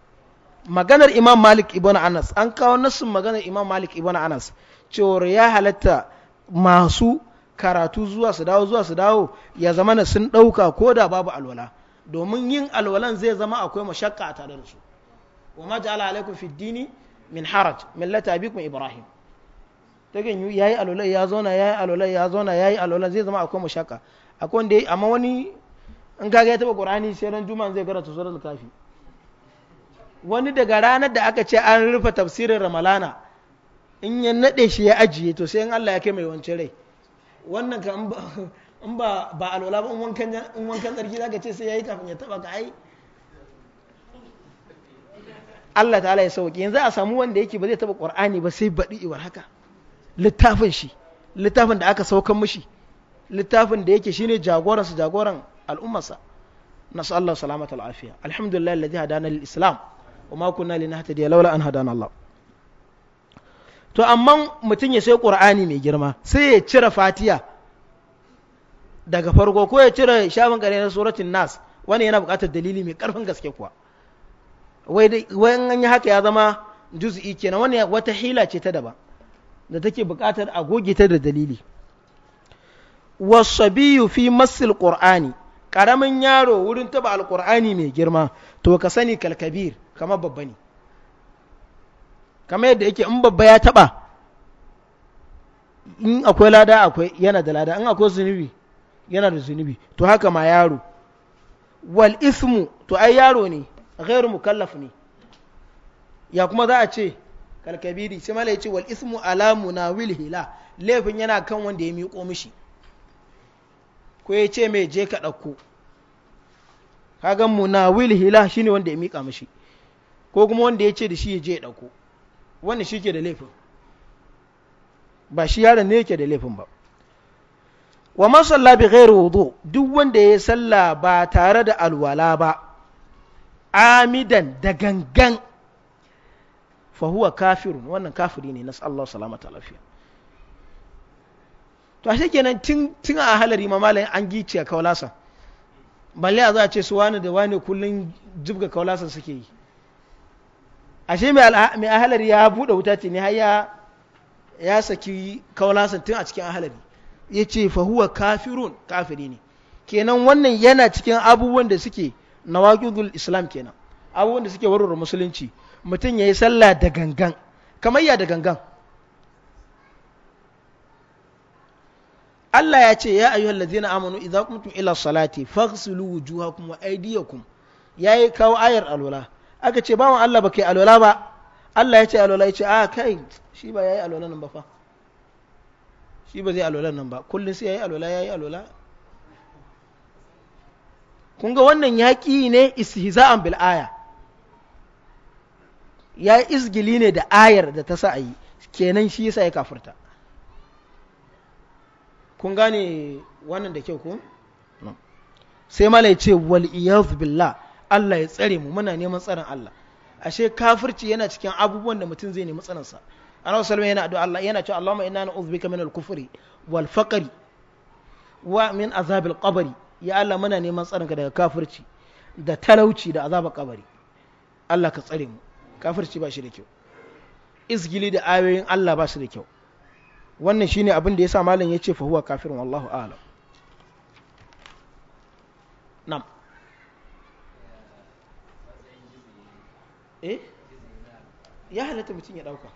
maganar imam malik ibn anas an kawo nassin maganar imam malik ibn anas cewar ya halatta masu karatu zuwa su dawo zuwa su dawo ya zama na sun ɗauka ko da babu alwala domin yin alwalan zai zama akwai mashakka a tare da su wa ma ja'ala alaikum fi dini min haraj millata abikum ibrahim ya yi alwala ya zauna yayi alwala ya zauna yayi alwala zai zama akwai mashakka akwai wanda amma wani in kaga ya taba qur'ani sai ran juma'a zai karanta suratul kafi wani daga ranar da aka ce an rufe tafsirin ramalana in ya nade shi ya ajiye to sai in Allah ya kai mai wancan rai wannan ka in ba ba alwala ba in wankan in wankan tsarki zaka ce sai yayi kafin ya taba ka ai Allah ta'ala ya sauki yanzu a samu wanda yake ba zai taba qur'ani ba sai baɗi iwar haka littafin shi littafin da aka saukan mishi littafin da yake shine jagoran su jagoran al'ummarsa nasu Allah salamat al'afiya alhamdulillah alladhi hadana lil islam wa ma kunna linahtadiya laula an hadana Allah to amma mutum ya sai qur'ani mai girma sai ya cire fatiya daga farko ko ya cire shafin kare na suratul nas wani yana buƙatar dalili mai ƙarfin gaske kuwa wai wai an yi haka ya zama juz'i kenan wani wata hila ce ta daban da take buƙatar a goge ta da dalili wasabiyu fi masil qur'ani karamin yaro wurin taba alkur'ani mai girma to ka sani kalkabir kamar babba ne kamar yadda yake in babba ya taba in akwai lada akwai yana da lada in akwai zunubi yana da zunubi to haka ma yaro wal ismu to ai yaro ne ghairu mukallaf ne ya kuma za a ce kalkabiri sai mala ya ce wal ismu alamu na hila laifin yana kan wanda ya miƙo mishi ko ya ce mai je ka ɗauko kagan munawil hila ne wanda ya miƙa mashi ko kuma wanda ya ce da shi ya je ya ɗauko wanda shi ke da laifin ba shi yaron ne yake da laifin ba wa masalla bi ghairi wudu duk wanda ya salla ba tare da alwala ba amidan da gangan fa huwa kafirun wannan kafiri ne nasallahu ta lafiya to ashe kenan tun a halari ma malamin an gice a kawalasa balle a za a ce su wani da wani kullum jibga kawalasa suke yi ashe mai ahalari ya buɗe wuta ce ne har ya saki kawalasa tun a cikin ahalari ya ce fahuwa kafirun kafiri ne kenan wannan yana cikin abubuwan da suke na islam kenan abubuwan da suke warware musulunci mutum ya yi sallah da gangan kamar ya da gangan Allah ya ce ya ayyuhal ladzina amanu idza qumtum ila salati faghsilu wujuhakum wa aydiyakum yayi kawo ayar alwala aka ce bawan Allah ba kai alwala ba Allah ya ce alwala ya ce a ah, kai shi ba yayi alwala nan ba fa shi ba zai alwala nan ba kullun sai yayi alwala yayi alwala kun ga wannan yaƙi ne istihza'an bil aya ya izgili ne da ayar da ta sa a yi kenan shi yasa ya kafirta kun gane wannan da kyau ko sai mala ya ce wal iyaz Allah ya tsare mu muna neman tsarin Allah ashe kafirci yana cikin abubuwan da mutum zai nemi tsarin sa annabi sallallahu yana addu'a Allah yana cewa Allahumma inna na'udhubika min al-kufri wal faqri wa min azab al ya Allah muna neman tsarin ka daga kafirci da talauci da azabar kabari Allah ka tsare mu kafirci ba shi da kyau izgili da ayoyin Allah ba shi da kyau wannan shine abin da ya sa malam ya fa huwa kafirin wallahu a'lam nam eh ya halatta mutum ya dauka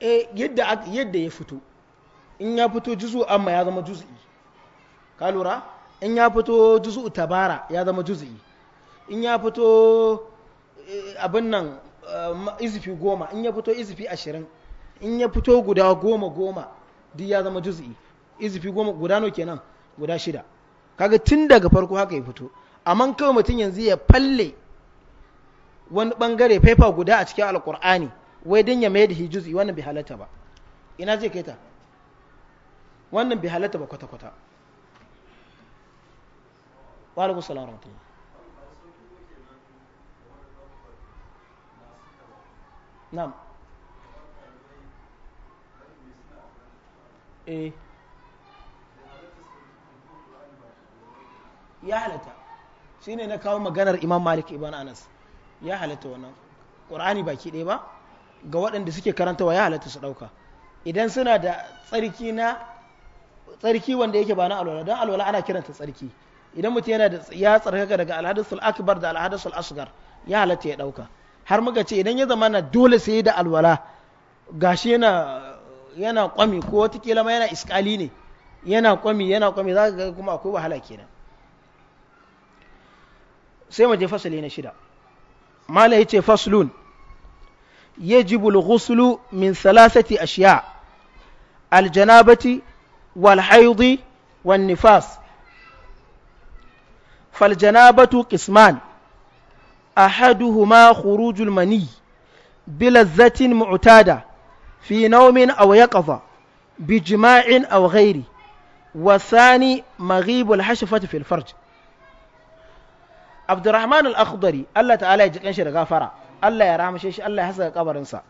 eh yadda yadda ya fito in ya fito juzu amma ya zama juz'i ka lura in ya fito juzu tabara ya zama juz'i in ya fito eh, abin nan izifi goma in ya fito izifi ashirin in ya fito guda goma goma duk ya zama juz'i izifi goma guda no kenan guda shida kaga tun daga farko haka ya fito amma kawai mutum yanzu ya falle wani bangare faifa guda a cikin alkur'ani wai don ya mai da shi juz'i wannan bai halatta ba ina je kaita wannan bai halatta ba kwata-kwata wa alaikum salam rahmatullah نعم ايه يا حلتا na kawo maganar imam malik ibn anas wannan qur'ani baki ba ga waɗanda suke wa ya halatta su ɗauka idan suna da tsarki na tsarki wanda yake ba na alwala don alwala ana kiranta tsarki idan mutum yana da ya tsarkaka daga alhadasul akbar da alhadasul asgar ya halatta ya ɗauka har muka ce idan ya zama na dole sai da alwala gashi yana yana kwami ko watakila ma yana iskali ne yana kwami yana kwami za ga kuma akwai wahala kenan sai mu je fasali na shida mala yace faslun yajibu al min thalathati ashiya al-janabati wal haidi wan nifas fal janabatu qisman أحدهما خروج المني بلذة معتادة في نوم أو يقظة بجماع أو غيره والثاني مغيب الحشفة في الفرج عبد الرحمن الأخضري الله تعالى يجيكن شي غفرة الله يرحم شي الله يحسن قبرنسا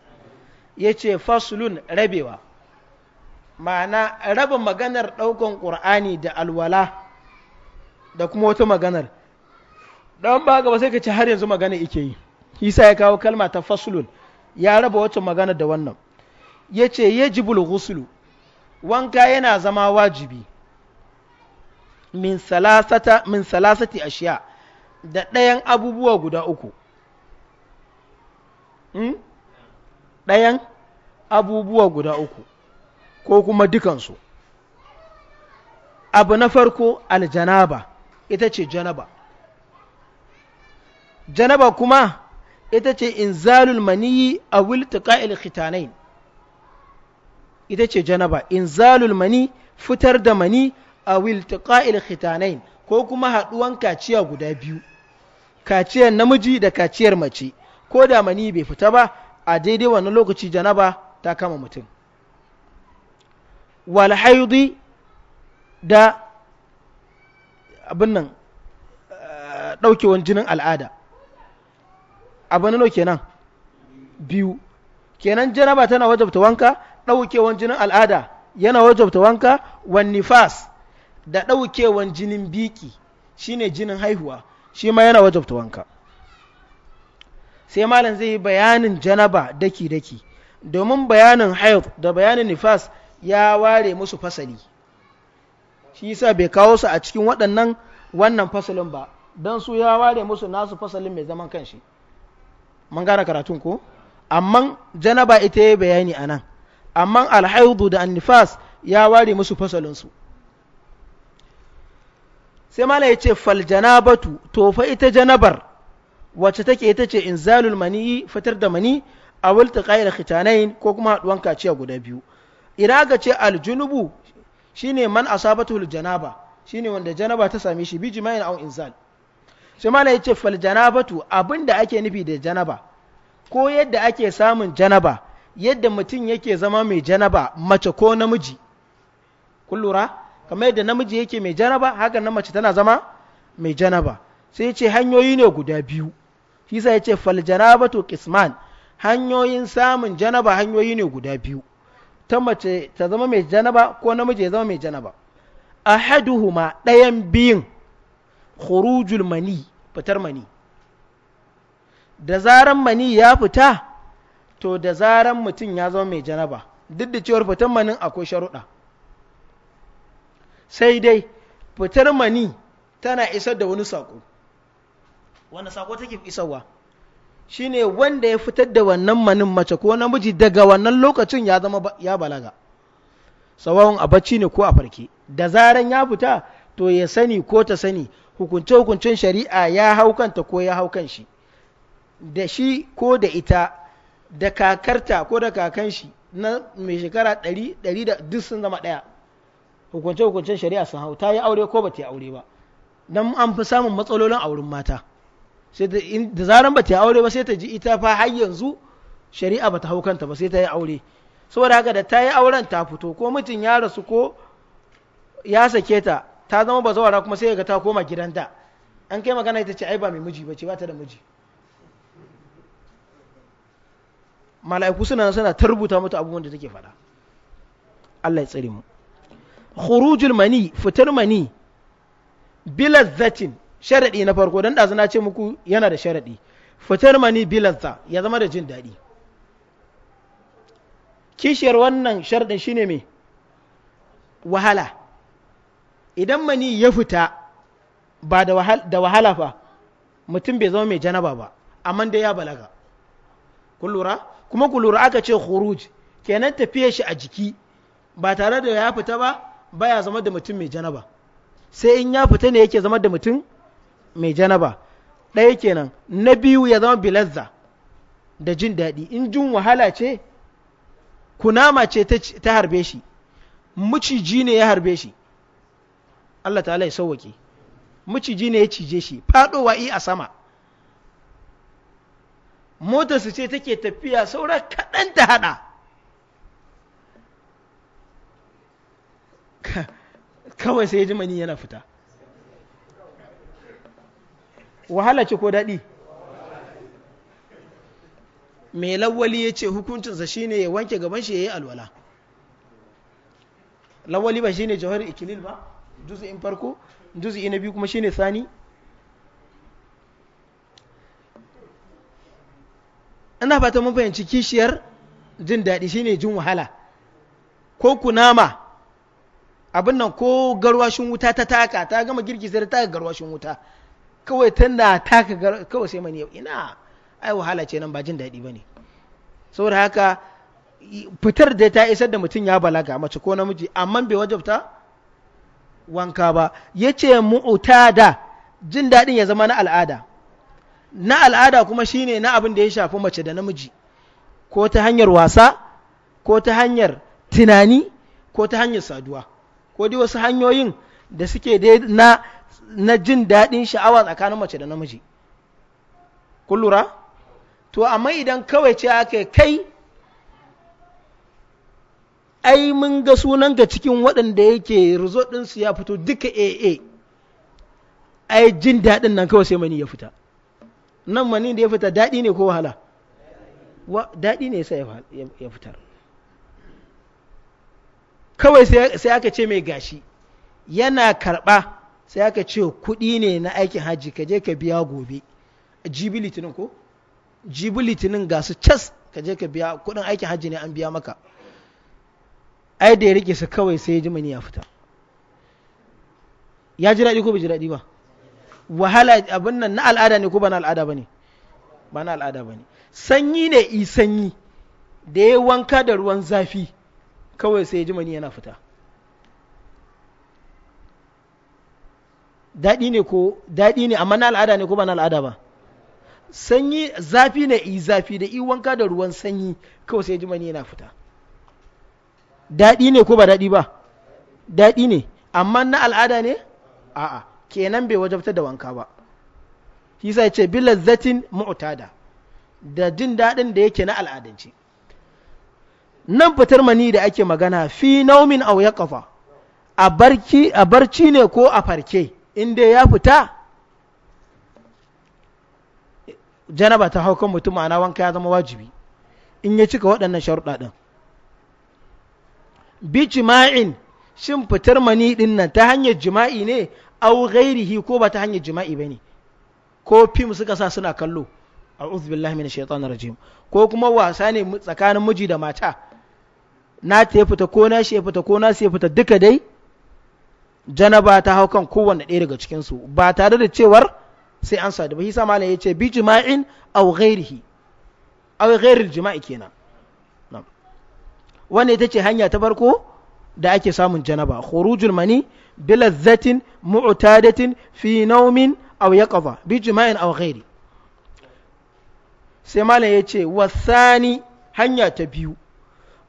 yace faslun rabewa ma'ana raba maganar ɗaukan ƙur'ani da alwala da kuma wata maganar Don ba gaba sai ka ci har yanzu magana ike yi isa ya kawo kalma ta fasulun. ya raba wacce magana da wannan ya ce yajibul ghuslu wanka yana zama wajibi min salasati ashiya da ɗayan abubuwa guda uku hmm? ɗayan abubuwa guda uku ko kuma dukansu abu na farko aljanaba ita ce janaba janaba kuma ita ce in zalul maniyi a wiltiƙa'il khitanain ita ce janaba inzalul mani fitar da mani a wiltiƙa'il khitanain ko kuma haɗuwan kaciya guda biyu kaciyar namiji da kaciyar mace ko da mani bai fita ba a daidai wannan lokaci janaba ta kama mutum walhaidi da abin nan eh, ɗaukewan jinin al'ada abu na kenan biyu kenan janaba tana wajabta wanka ɗaukewan jinin al'ada yana wajabta wanka wan nifas da ɗaukewan jinin biki shine jinin haihuwa shi ma yana wajabta wanka sai malam zai yi bayanin janaba daki-daki domin bayanin haif da bayanin nifas ya ware musu fasali shi yasa bai kawo su a cikin waɗannan wannan fasalin ba don su ya ware musu nasu fasalin mai zaman kanshi mun gane karatun ko amma janaba ita ya bayani a nan amma alhaidu da annifas ya ware musu fasalinsu sai mala ya ce faljanabatu to fa ita janabar wacce take ita ce inzalul mani fitar da mani a wulta ƙayar hitanayin ko kuma haɗuwan kaciya guda biyu idan aka ce aljunubu shine man asabatu janaba shine wanda janaba ta same shi bi jima'in au inzal sai mala ya ce fal janabatu abin da ake nufi da janaba ko yadda ake samun janaba yadda mutum yake zama mai janaba mace ko namiji kun lura kamar yadda namiji yake mai janaba haka na mace tana zama mai janaba sai ce hanyoyi ne guda biyu shi sai ce fal janabatu qisman hanyoyin samun janaba hanyoyi ne guda biyu ta mace ta zama mai janaba ko namiji ya zama mai janaba ahaduhuma ɗayan biyun khurujul mani fitar mani da zaran mani ya fita to da zaran mutum ya zama mai janaba duk da cewar fitar manin akwai sharuɗa sai dai fitar mani tana isar da wani saƙo wanda saƙo take isarwa shine wanda ya fitar da wannan manin mace ko namiji daga wannan lokacin ya zama ya balaga sawawan a bacci ne ko a farke da zaran ya fita to ya sani ko ta sani hukunce-hukuncen shari'a ya haukanta ko ya haukan shi da shi ko da ita da kakarta ko da kakan shi na mai shekara ɗari da duk sun zama ɗaya hukunce-hukuncen shari'a sun hau ta yi aure ko ba yi aure ba don an fi samun matsalolin auren mata sai da zaran bata yi aure ba sai ta ji ita fa har yanzu shari'a ba ta hau kanta ba sai ta yi aure saboda haka da ta yi auren ta fito ko mutum ya rasu ko ya sake ta ta zama ba bazawara kuma sai ga ta koma gidanta an kai magana ita ce ai ba mai miji ba ce ba ta da miji mala'iku suna suna ta rubuta mata abubuwan da take faɗa Allah ya tsare mu khurujul mani fitar mani bilazzatin sharadi na farko dan dazu na ce muku yana da sharadi fitar mani bilazza ya zama da jin daɗi kishiyar wannan sharadin shine me wahala idan mani ya fita ba da wahala fa mutum bai zama mai janaba ba amma dai ya balaga kun kuma kullura aka ce khuruj kenan tafiye shi a jiki ba tare da ya fita ba baya zama da mutum mai janaba sai in ya fita ne yake zama da mutum mai janaba ɗaya kenan na biyu ya zama bilazza da jin daɗi in jin wahala ce kunama ce ta harbe shi maciji ne ya harbe shi Allah ta'ala ya sauwake miciji ne ya cije shi fadowa i a sama motarsu ce take tafiya saura kaɗan ta haɗa kawai sai ji mani yana fita wahala ce ko daɗi mai lawali ya ce hukuncinsa shine ya wanke gaban shi ya yi alwala lawali ba shine jawar ikilil ba juz'in farko juz'i na biyu kuma shine sani ina fata mun fahimci kishiyar jin daɗi shine jin wahala ko kunama abin nan ko garwashin wuta ta taka ta gama girki sai ta garwashin wuta kawai tana taka kawai sai mani ina ai wahala ce nan ba jin daɗi bane saboda haka fitar da ta isar da mutum ya balaga mace ko namiji amma bai wajabta wanka ba ya ce mu'utada jin daɗin ya zama na al'ada na al'ada kuma shine na abin da ya shafi mace da namiji ko ta hanyar wasa ko ta hanyar tunani ko ta hanyar saduwa ko dai wasu hanyoyin da suke dai na na jin daɗin sha'awa tsakanin mace da namiji kun to amma idan kawai ce aka kai ai mun ga sunan ga cikin waɗanda yake result ɗinsu ya fito duka AA ai jin daɗin nan kawai sai mani ya fita nan mani da ya fita daɗi ne ko wahala daɗi ne sai ya fitar kawai sai aka ce mai gashi yana karɓa sai aka ce kuɗi ne na aikin haji ka je ka biya gobe jibi litinin ko jibi litinin ga cas ka je ka biya kuɗin aikin haji ne an biya maka ai da ya rike su kawai sai ya ji mani ya fita ya ji daɗi ko bai ji daɗi ba wahala abin nan na al'ada ne ko ba na al'ada ba ne ba na al'ada ba ne sanyi ne i sanyi da ya wanka da ruwan zafi kawai sai ya ji mani yana fita daɗi ne ko daɗi ne amma na al'ada ne ko ba na al'ada ba sanyi zafi ne i zafi da i wanka da ruwan sanyi kawai sai ya ji mani yana fita daɗi ne ko ba daɗi ba daɗi ne amma na al'ada ne a'a kenan bai wajabta da wanka ba shi sai ce bi lazzatin mu'tada da jin daɗin da yake na al'adance nan fitar mani da ake magana fi naumin aw yaqfa a barki a barci ne ko a farke in dai ya fita janaba ta kan mutum ana wanka ya zama wajibi in ya cika waɗannan sharuɗa ɗin bi jima'in shin fitar mani din nan ta hanyar jima'i ne au ghairihi ko ba ta hanyar jima'i bane ko fim suka sa suna kallo a'udhu billahi minash shaitanir rajim ko kuma wasa ne tsakanin miji da mata na ta ya fita ko na shi ya fita ko na ya fita duka dai janaba ta hau kan kowanne ɗaya daga cikin su ba tare da cewar sai an sadu ba hisa malam ce bi jima'in au ghairihi au ghairil jima'i kenan wannan ita ce hanya ta farko da ake samun janaba khurujul mani bilazzatin mu'tadatin fi naumin aw yaqadha bi jima'in aw ghairi sai malam yace wasani hanya ta biyu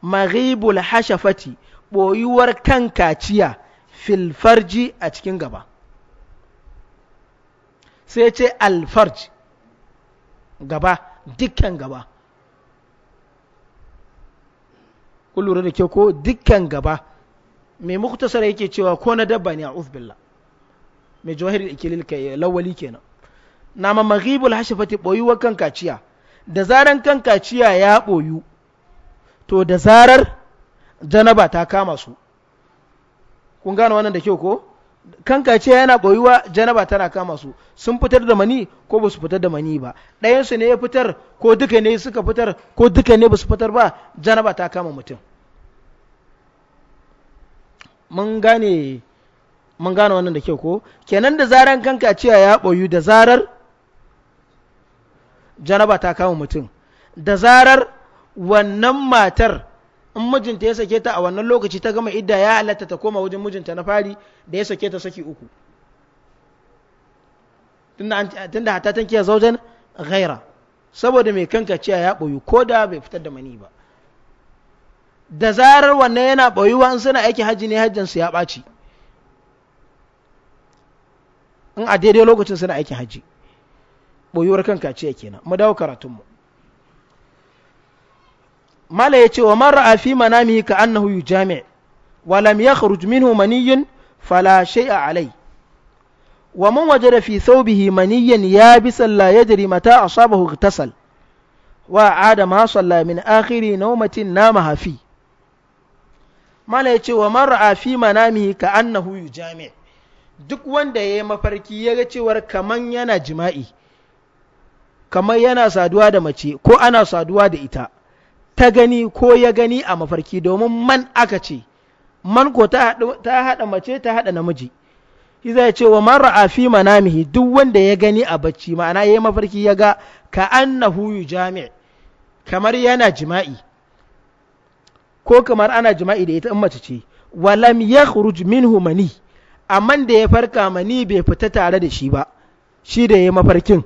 maghibul hashafati boyuwar kan kaciya fil farji a cikin gaba sai ce alfarj gaba dukkan gaba kun lura da ke ko dukkan gaba mai muktasar yake cewa ko na dabba ne a billah mai jawahir ikilil kai lawali kenan na mamagibul hashifati boyuwa kan kaciya da zaran kan kaciya ya boyu to da zarar janaba ta kama su kun gane wannan da kyau ko ce yana koyuwa janaba tana kama su sun fitar da mani ko ba su fitar da mani ba ɗayansu ne ya fitar ko duka ne suka fitar ko duka ne ba su fitar ba janaba ta kama mutum mun gane mun gane wannan da kyau ko kenan da zaran ce ya koyu da zarar janaba ta kama mutum da zarar wannan matar in mijinta ya sake ta a wannan lokaci ta gama idda ya halatta ta koma wajen mijinta na fari da ya sake ta saki uku tunda hata ta kiya zaujan ghaira saboda mai kanka ciya ya boyu ko da bai fitar da mani ba da zarar wannan yana boyuwa in suna aiki hajji ne hajjin su ya ɓaci in a daidai lokacin suna aiki hajji boyuwar kanka ciya kenan mu dawo karatunmu mala ya ce wa mara a fi manamihi ka annahu yu jami'a. wa lam yakhruj minhu maniyyun fala a alai wa mun waje da fi sau ya maniyyan ya ya jari mata a asabahu tasal wa ada ma salla min akhiri nawmatin namaha hafi. mala ya ce wa mara a fi manamihi ka annahu yu jami'a. duk wanda ya yi mafarki ya ga cewar kaman yana jima'i kamar yana saduwa da mace ko ana saduwa da ita ta gani ko ya gani a mafarki domin man aka ce man ko ta haɗa mace ta haɗa namiji shi ya ce wa man ra'a fi manamihi duk wanda ya gani a bacci ma'ana yayi mafarki ya ga ka annahu jami' kamar yana jima'i ko kamar ana jima'i da ita in mace ce walam yakhruj minhu mani amma da ya farka mani bai fita tare da shi ba shi da yayi mafarkin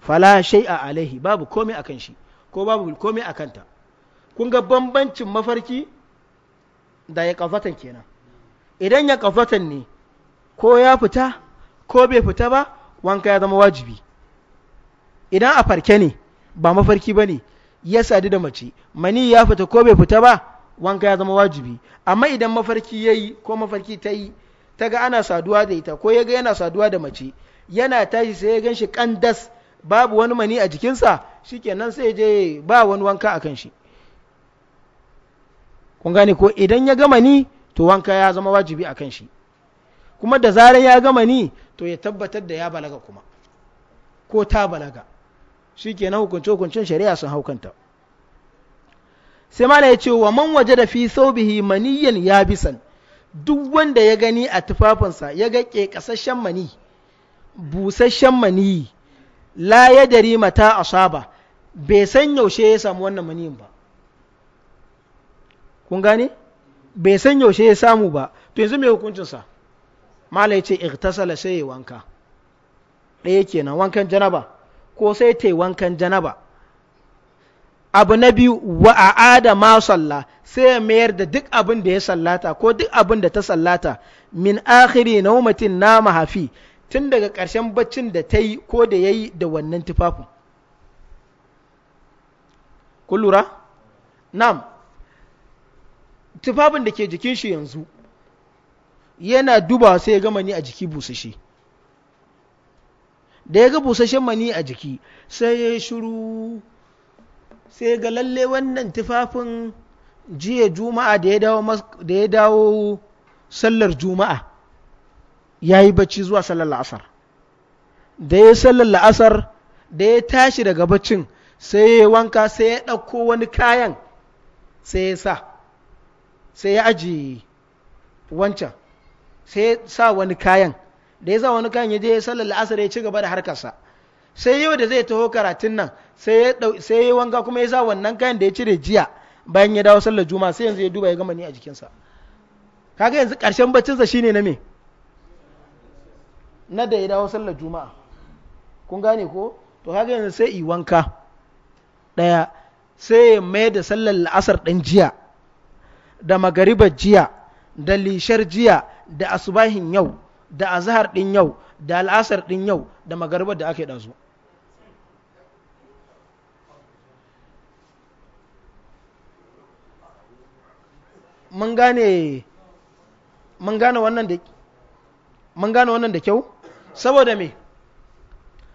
fala shay'a alaihi babu komai akan shi ko babu komai akanta kun ga bambancin mafarki da ya kazatan kenan idan ya kazatan ne ko ya fita ko bai fita ba wanka ya zama wajibi idan a farke ne ba mafarki ba ne ya sadu da mace mani ya fita ko bai fita ba wanka ya zama wajibi amma idan mafarki ya yi ko mafarki ta yi ta ga ana saduwa da ita ko ya ga yana saduwa da mace yana tashi sai ya gan shi kandas babu wani mani a jikinsa shi kenan sai je ba wani wanka a kan shi kun gane ko idan ya gama ni to wanka ya zama wajibi a kan shi kuma da zarar ya gama ni to ya tabbatar da ya balaga kuma ko ta balaga shi ke na hukunce-hukuncen shari'a sun haukanta sai mana ya ce wa man waje da fi saubihi maniyan ya bisan duk wanda ya gani a tufafinsa ya ga ƙeƙasashen mani busasshen mani la ya dari mata asaba bai san yaushe ya samu wannan maniyin ba kun gane bai san yaushe ya samu ba to yanzu mai hukuncinsa mala ya ce irtasala sai ya wanka ɗaya kenan wankan janaba ko sai ta wankan janaba abu na biyu wa a'ada ma salla sai ya mayar da duk abin da ya sallata ko duk abin da ta sallata min akhiri naumatin na hafi tun daga ƙarshen baccin da ta yi ko da ya yi da wannan tufafin kun lura tufafin da ke jikin shi yanzu yana duba sai ya ga mani a jiki busashe da ya ga busashen mani a jiki sai ya shuru sai ga lalle wannan tufafin jiya juma'a da ya dawo sallar juma'a ya yi bacci zuwa sallar la'asar da ya sallar la'asar da ya tashi daga baccin sai ya wanka sai ya ɗauko wani kayan sai ya sa sai ya aji wancan sai ya sa wani kayan da ya sa wani kayan ya je sallar la'asar ya ci gaba da harkarsa sai yau da zai taho karatun nan sai ya ya wanga kuma ya sa wannan kayan da ya cire jiya bayan ya dawo sallar juma sai yanzu ya duba ya gama ni a jikinsa kaga yanzu baccin baccinsa shine na me na da ya dawo sallar juma'a kun gane ko to kaga yanzu sai i wanka ɗaya sai ya mai da sallar la'asar dan jiya da magaribar jiya da lishar jiya da asubahin yau da azahar ɗin yau da al'asar ɗin yau da magaribar da ake ɗazu mun gane wannan da kyau saboda me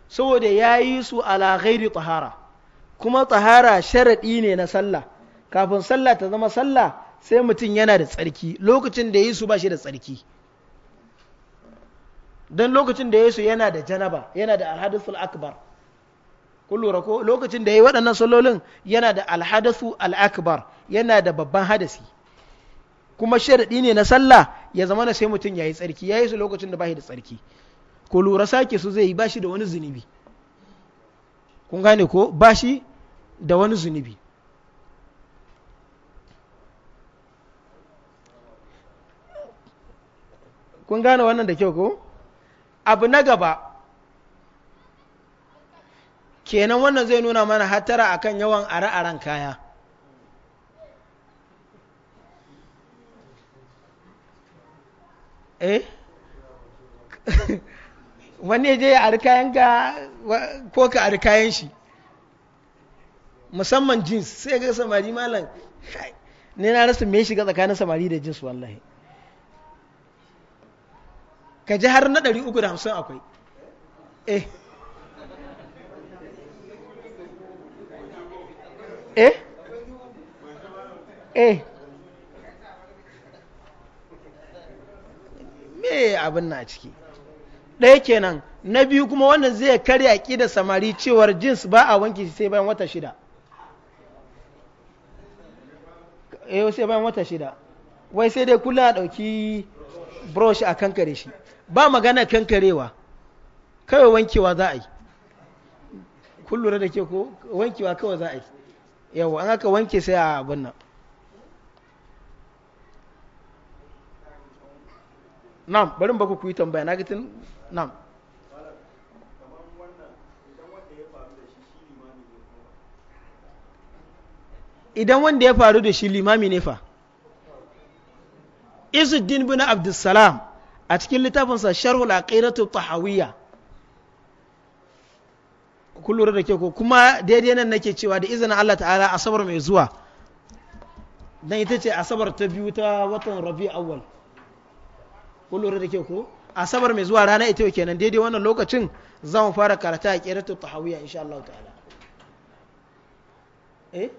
saboda ya yi su alaghairi ghairi tahara kuma tahara sharaɗi ne na sallah kafin sallah ta zama sallah sai mutum yana da tsarki lokacin da ya yi ba shi da tsarki don lokacin da ya yana da janaba yana da alhadasul akbar ku lura ko lokacin da ya yi waɗannan salolin yana da alhadasu al'akbar yana da babban hadasi kuma sharaɗi ne na sallah ya zama na sai mutum ya yi tsarki ya yi su lokacin da ba shi da tsarki ko lura sake su zai yi ba shi da wani zunubi kun gane ko ba shi da wani zunubi kun gane wannan da kyau ko abu na gaba kenan wannan zai nuna mana hatara akan yawan are-aren kaya eh wani je ya ari kayan ga ko ka ari kayan shi musamman jeans sai ga samari malam ne na rasa me shiga tsakanin samari da jeans wallahi ka ji har na 350 akwai eh eh eh me abin na ciki ɗaya kenan na biyu kuma wannan zai karya ki da samari cewar jins ba a wanki sai bayan wata shida eh sai bayan wata shida wai sai dai kula ɗauki brush a kankare shi ba magana kankarewa kawai wankewa za a yi kun lura da ke ko wankewa kawai za a yi yawo an haka wanke sai a abin nan nam barin baku ku yi tambaya na gatin nam idan wanda ya faru da shi limami ne fa izuddin bin abdulsalam a cikin littafinsa sharhul aqidatu tahawiyya ku da ke ko kuma daidai nan nake cewa da izinin Allah ta'ala asabar mai zuwa dan ita ce asabar ta biyu ta watan rabi awwal ku da ke ko asabar mai zuwa rana ita kenan daidai wannan lokacin za mu fara karata a tahawiyya insha Allah ta'ala eh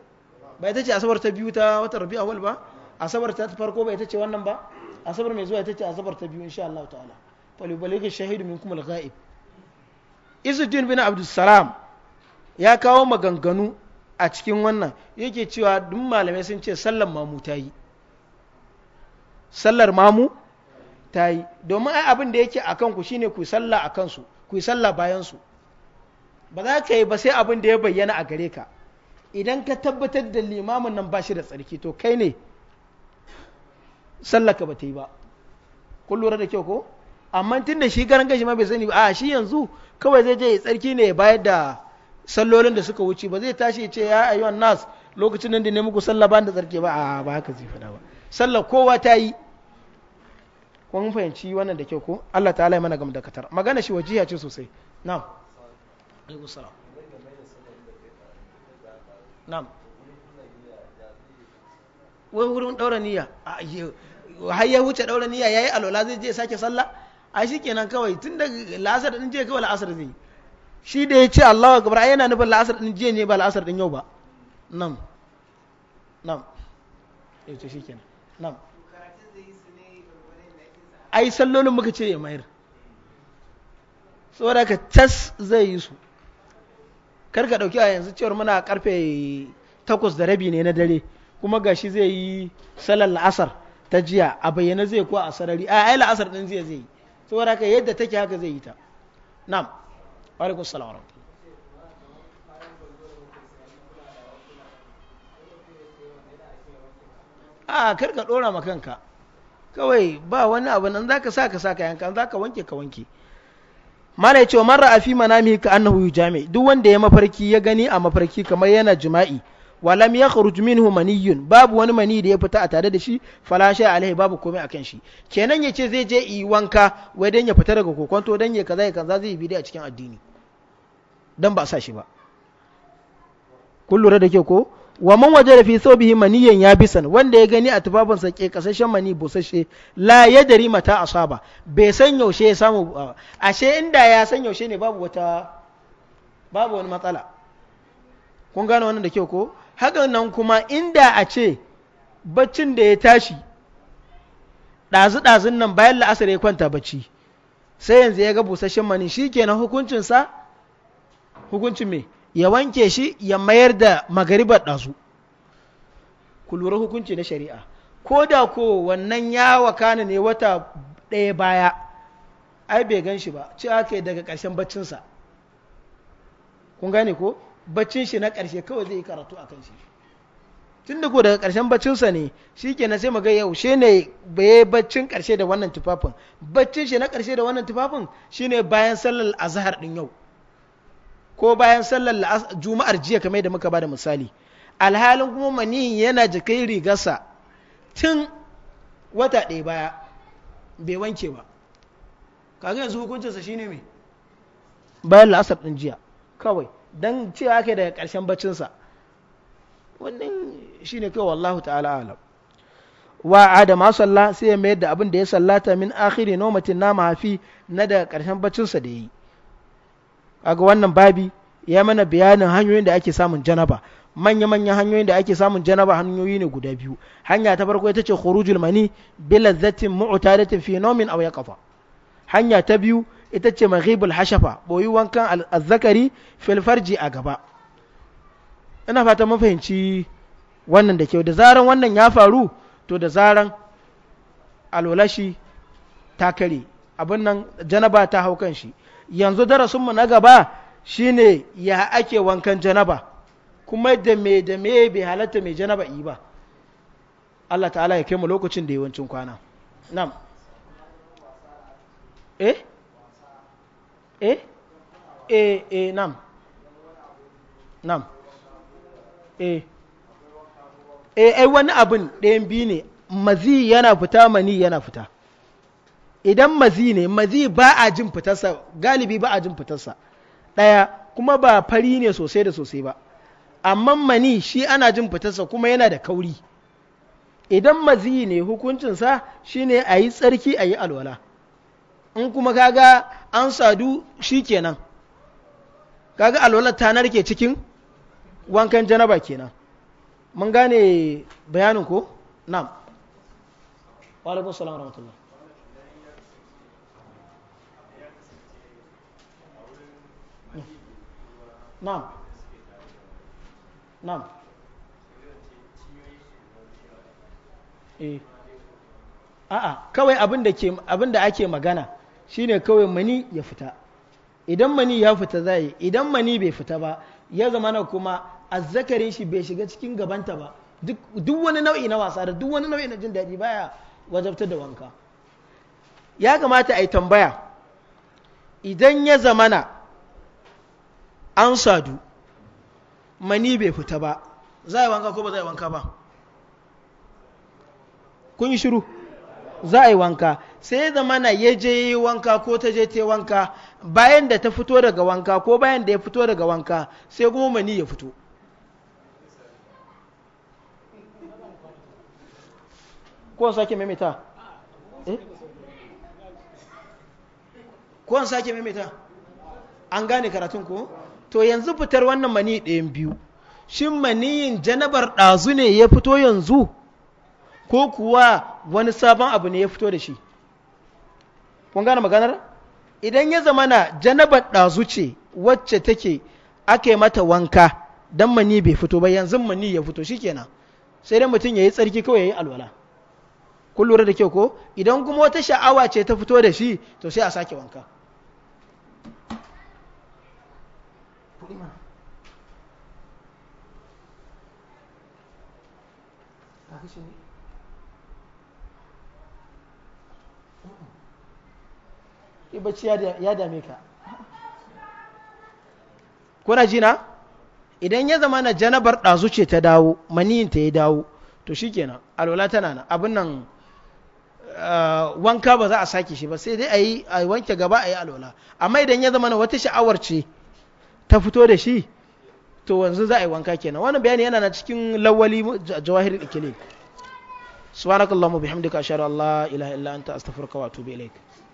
ba ita ce asabar ta biyu ta watan rabi awwal ba asabar ta farko ba ita ce wannan ba asabar mai zuwa ita ce asabar ta biyu insha Allah ta'ala falibalighi shahidu minkum al-ghaib izuddin bin Abdussalam ya kawo maganganu a cikin wannan yake cewa duk malamai sun ce sallar mamu ta yi sallar mamu ta yi domin ai abin da yake akan ku shine ku sallah akan su ku sallah bayan su ba za ka yi ba sai abin da ya bayyana a gare ka idan ka tabbatar da limamin nan ba shi da tsarki to kai ne sallaka ba ta yi ba kun lura da kyau ko amma tun da shi garan gashi ma bai sani ba a shi yanzu kawai zai je tsarki ne bayar da sallolin da suka wuce ba zai tashi ce ya ayyuhan nas lokacin nan da ne muku sallah ba da tsarki ba a ba haka zai faɗa ba sallah kowa ta yi kun fahimci wannan da kyau ko Allah ta ya mana gam da katar magana shi wajiya ce sosai na'am alaikum salam na'am wai wurin daura niyya a har ya wuce daura niyya yayi alwala zai je sake sallah ai shikenan kawai tun da la'asar din je kawai la'asar zai shi da ya ce Allah wa ai yana nufin la'asar din je ne ba la'asar din yau ba nam nam ce shikenan nam ai sallolin muka ce ya mayar saboda ka tas zai yi su kar ka dauki a yanzu cewar muna karfe takwas da rabi ne na dare kuma gashi zai yi salar la'asar ta jiya a bayyana zai ko a sarari a yi la'asar ɗin zai zai saboda haka yadda take haka zai yi ta nam. wa salawar a kar ka ɗora ma kanka kawai ba wani abu nan ka sa ka sa ka yanka ka wanke ka wanke mana ya ce wa mara fi manami ka annahu jami duk wanda ya mafarki ya gani a mafarki kamar yana jima'i walam ya kharuj minhu maniyun babu wani mani da ya fita a tare da shi fala alaihi babu komai akan shi kenan yace zai je yi wanka wai dan ya fita daga kokonto dan ya kaza ya kaza zai bi dai a cikin addini dan ba sa shi ba kun lura da ke ko wa man wajada fi thawbihi maniyan yabisan wanda ya gani a sa ke kasashen mani busasshe la yadri mata asaba bai san yaushe ya samu ashe inda ya san yaushe ne babu wata babu wani matsala kun gane wannan da kyau ko haka nan kuma inda a ce baccin da ya tashi ɗazu-ɗazun nan bayan la'asar ya kwanta bacci sai yanzu ya ga busasshen mani shi kenan hukuncinsa hukuncin me ya wanke shi ya mayar da magaribar ɗazu ku lura hukunci na shari'a ko da ko wannan ya wakana ne wata ɗaya baya ai bai gan shi ba ci aka daga ƙarshen baccinsa kun gane ko baccin shi na ƙarshe kawai zai yi karatu a kan shi tun da ko daga ƙarshen baccinsa ne shi na sai maga shi ne bai baccin ƙarshe da wannan tufafin baccin shi na ƙarshe da wannan tufafin shi ne bayan sallar azahar ɗin yau ko bayan sallar juma'ar jiya kamar yadda muka da misali alhalin kuma mani yana jikai rigarsa tun wata ɗaya baya bai wanke ba kaga yanzu hukuncinsa shine mai bayan la'asar ɗin jiya kawai don cewa ke daga ƙarshen baccinsa wannan shi ne kawai wallahu ta'ala alam wa ma salla sai ya mayar da abin da ya sallata min akhiri nomatin nama hafi na daga ƙarshen baccinsa da ya yi kaga wannan babi ya mana bayanin hanyoyin da ake samun janaba manya-manyan hanyoyin da ake samun janaba hanyoyi ne guda biyu hanya ta farko ita ce khurujul mani bilazzatin mu'tadatin fi nawmin aw yaqafa hanya ta biyu ita ce maghibul hashafa boyi wankan azzakari fil a gaba ina fata mun fahimci wannan da kyau da zaran wannan ya faru to da zaran alwalashi ta kare abin nan janaba ta hau kan shi yanzu darasinmu na gaba shine ya ake wankan janaba kuma da me da me bai halatta mai janaba yi ba Allah ta'ala ya kai mu lokacin da yawancin kwana na'am eh e e e nam nam e. E, ai wani abin ɗayan biyu ne mazi yana fita mani yana fita idan mazi ne mazi ba a jin fitarsa galibi ba a jin fitarsa ɗaya kuma ba fari ne sosai da sosai ba amma mani shi ana jin fitarsa kuma yana da kauri idan mazi ne hukuncinsa shine a yi tsarki a yi alwala in kuma kaga an sadu shi kenan kaga alwalar ta narke cikin wankan janaba kenan mun gane bayanin ko na'am wa alaikum wa rahmatullah na'am na'am eh a'a kawai abin da ake magana shine kawai mani ya fita idan mani ya fita za yi idan mani bai fita ba ya zama na kuma azzakarin shi bai shiga cikin gabanta ba duk wani nau'i na wasa da duk wani nau'i na jin daɗi baya wajabtar da wanka ya kamata a yi tambaya idan ya zamana an sadu mani bai fita ba za yi wanka ko ba za yi wanka ba kun yi shiru za a yi wanka sai ya zamana ya je yi wanka ko ta je ta wanka bayan da ta fito daga wanka ko bayan da ya fito daga wanka sai kuma mani ya fito ko sake maimaita eh? ko sake maimaita an gane karatun ko to yanzu fitar wannan mani ɗayan biyu shin maniyin janabar ɗazu ne ya fito yanzu ko kuwa wani sabon abu ne ya fito da shi kun gane maganar idan ya zama na janabar ɗazu ce wacce take ake mata wanka don mani bai fito ba yanzu mani ya fito shi shikenan sai dai mutum ya yi tsarki kawai ya yi alwala kun lura da kyau ko idan kuma wata sha'awa ce ta fito da shi to sai a sake wanka bacci ya dame ka kuna jina idan ya zama na janabar ɗazu ce ta dawo maniyin ta ya dawo to shikenan alwala tana nan abin nan eh, wanka ba za a sake shi ba sai dai a yi wanke gaba a yi alwala amma idan ya zama na wata sha'awar ce ta fito da shi to wanzu za a yi wanka kenan wannan bayani yana na cikin lawali jawahir ikilin subhanakallahumma bihamdika ashhadu an la ilaha illa anta astaghfiruka wa atubu ilaik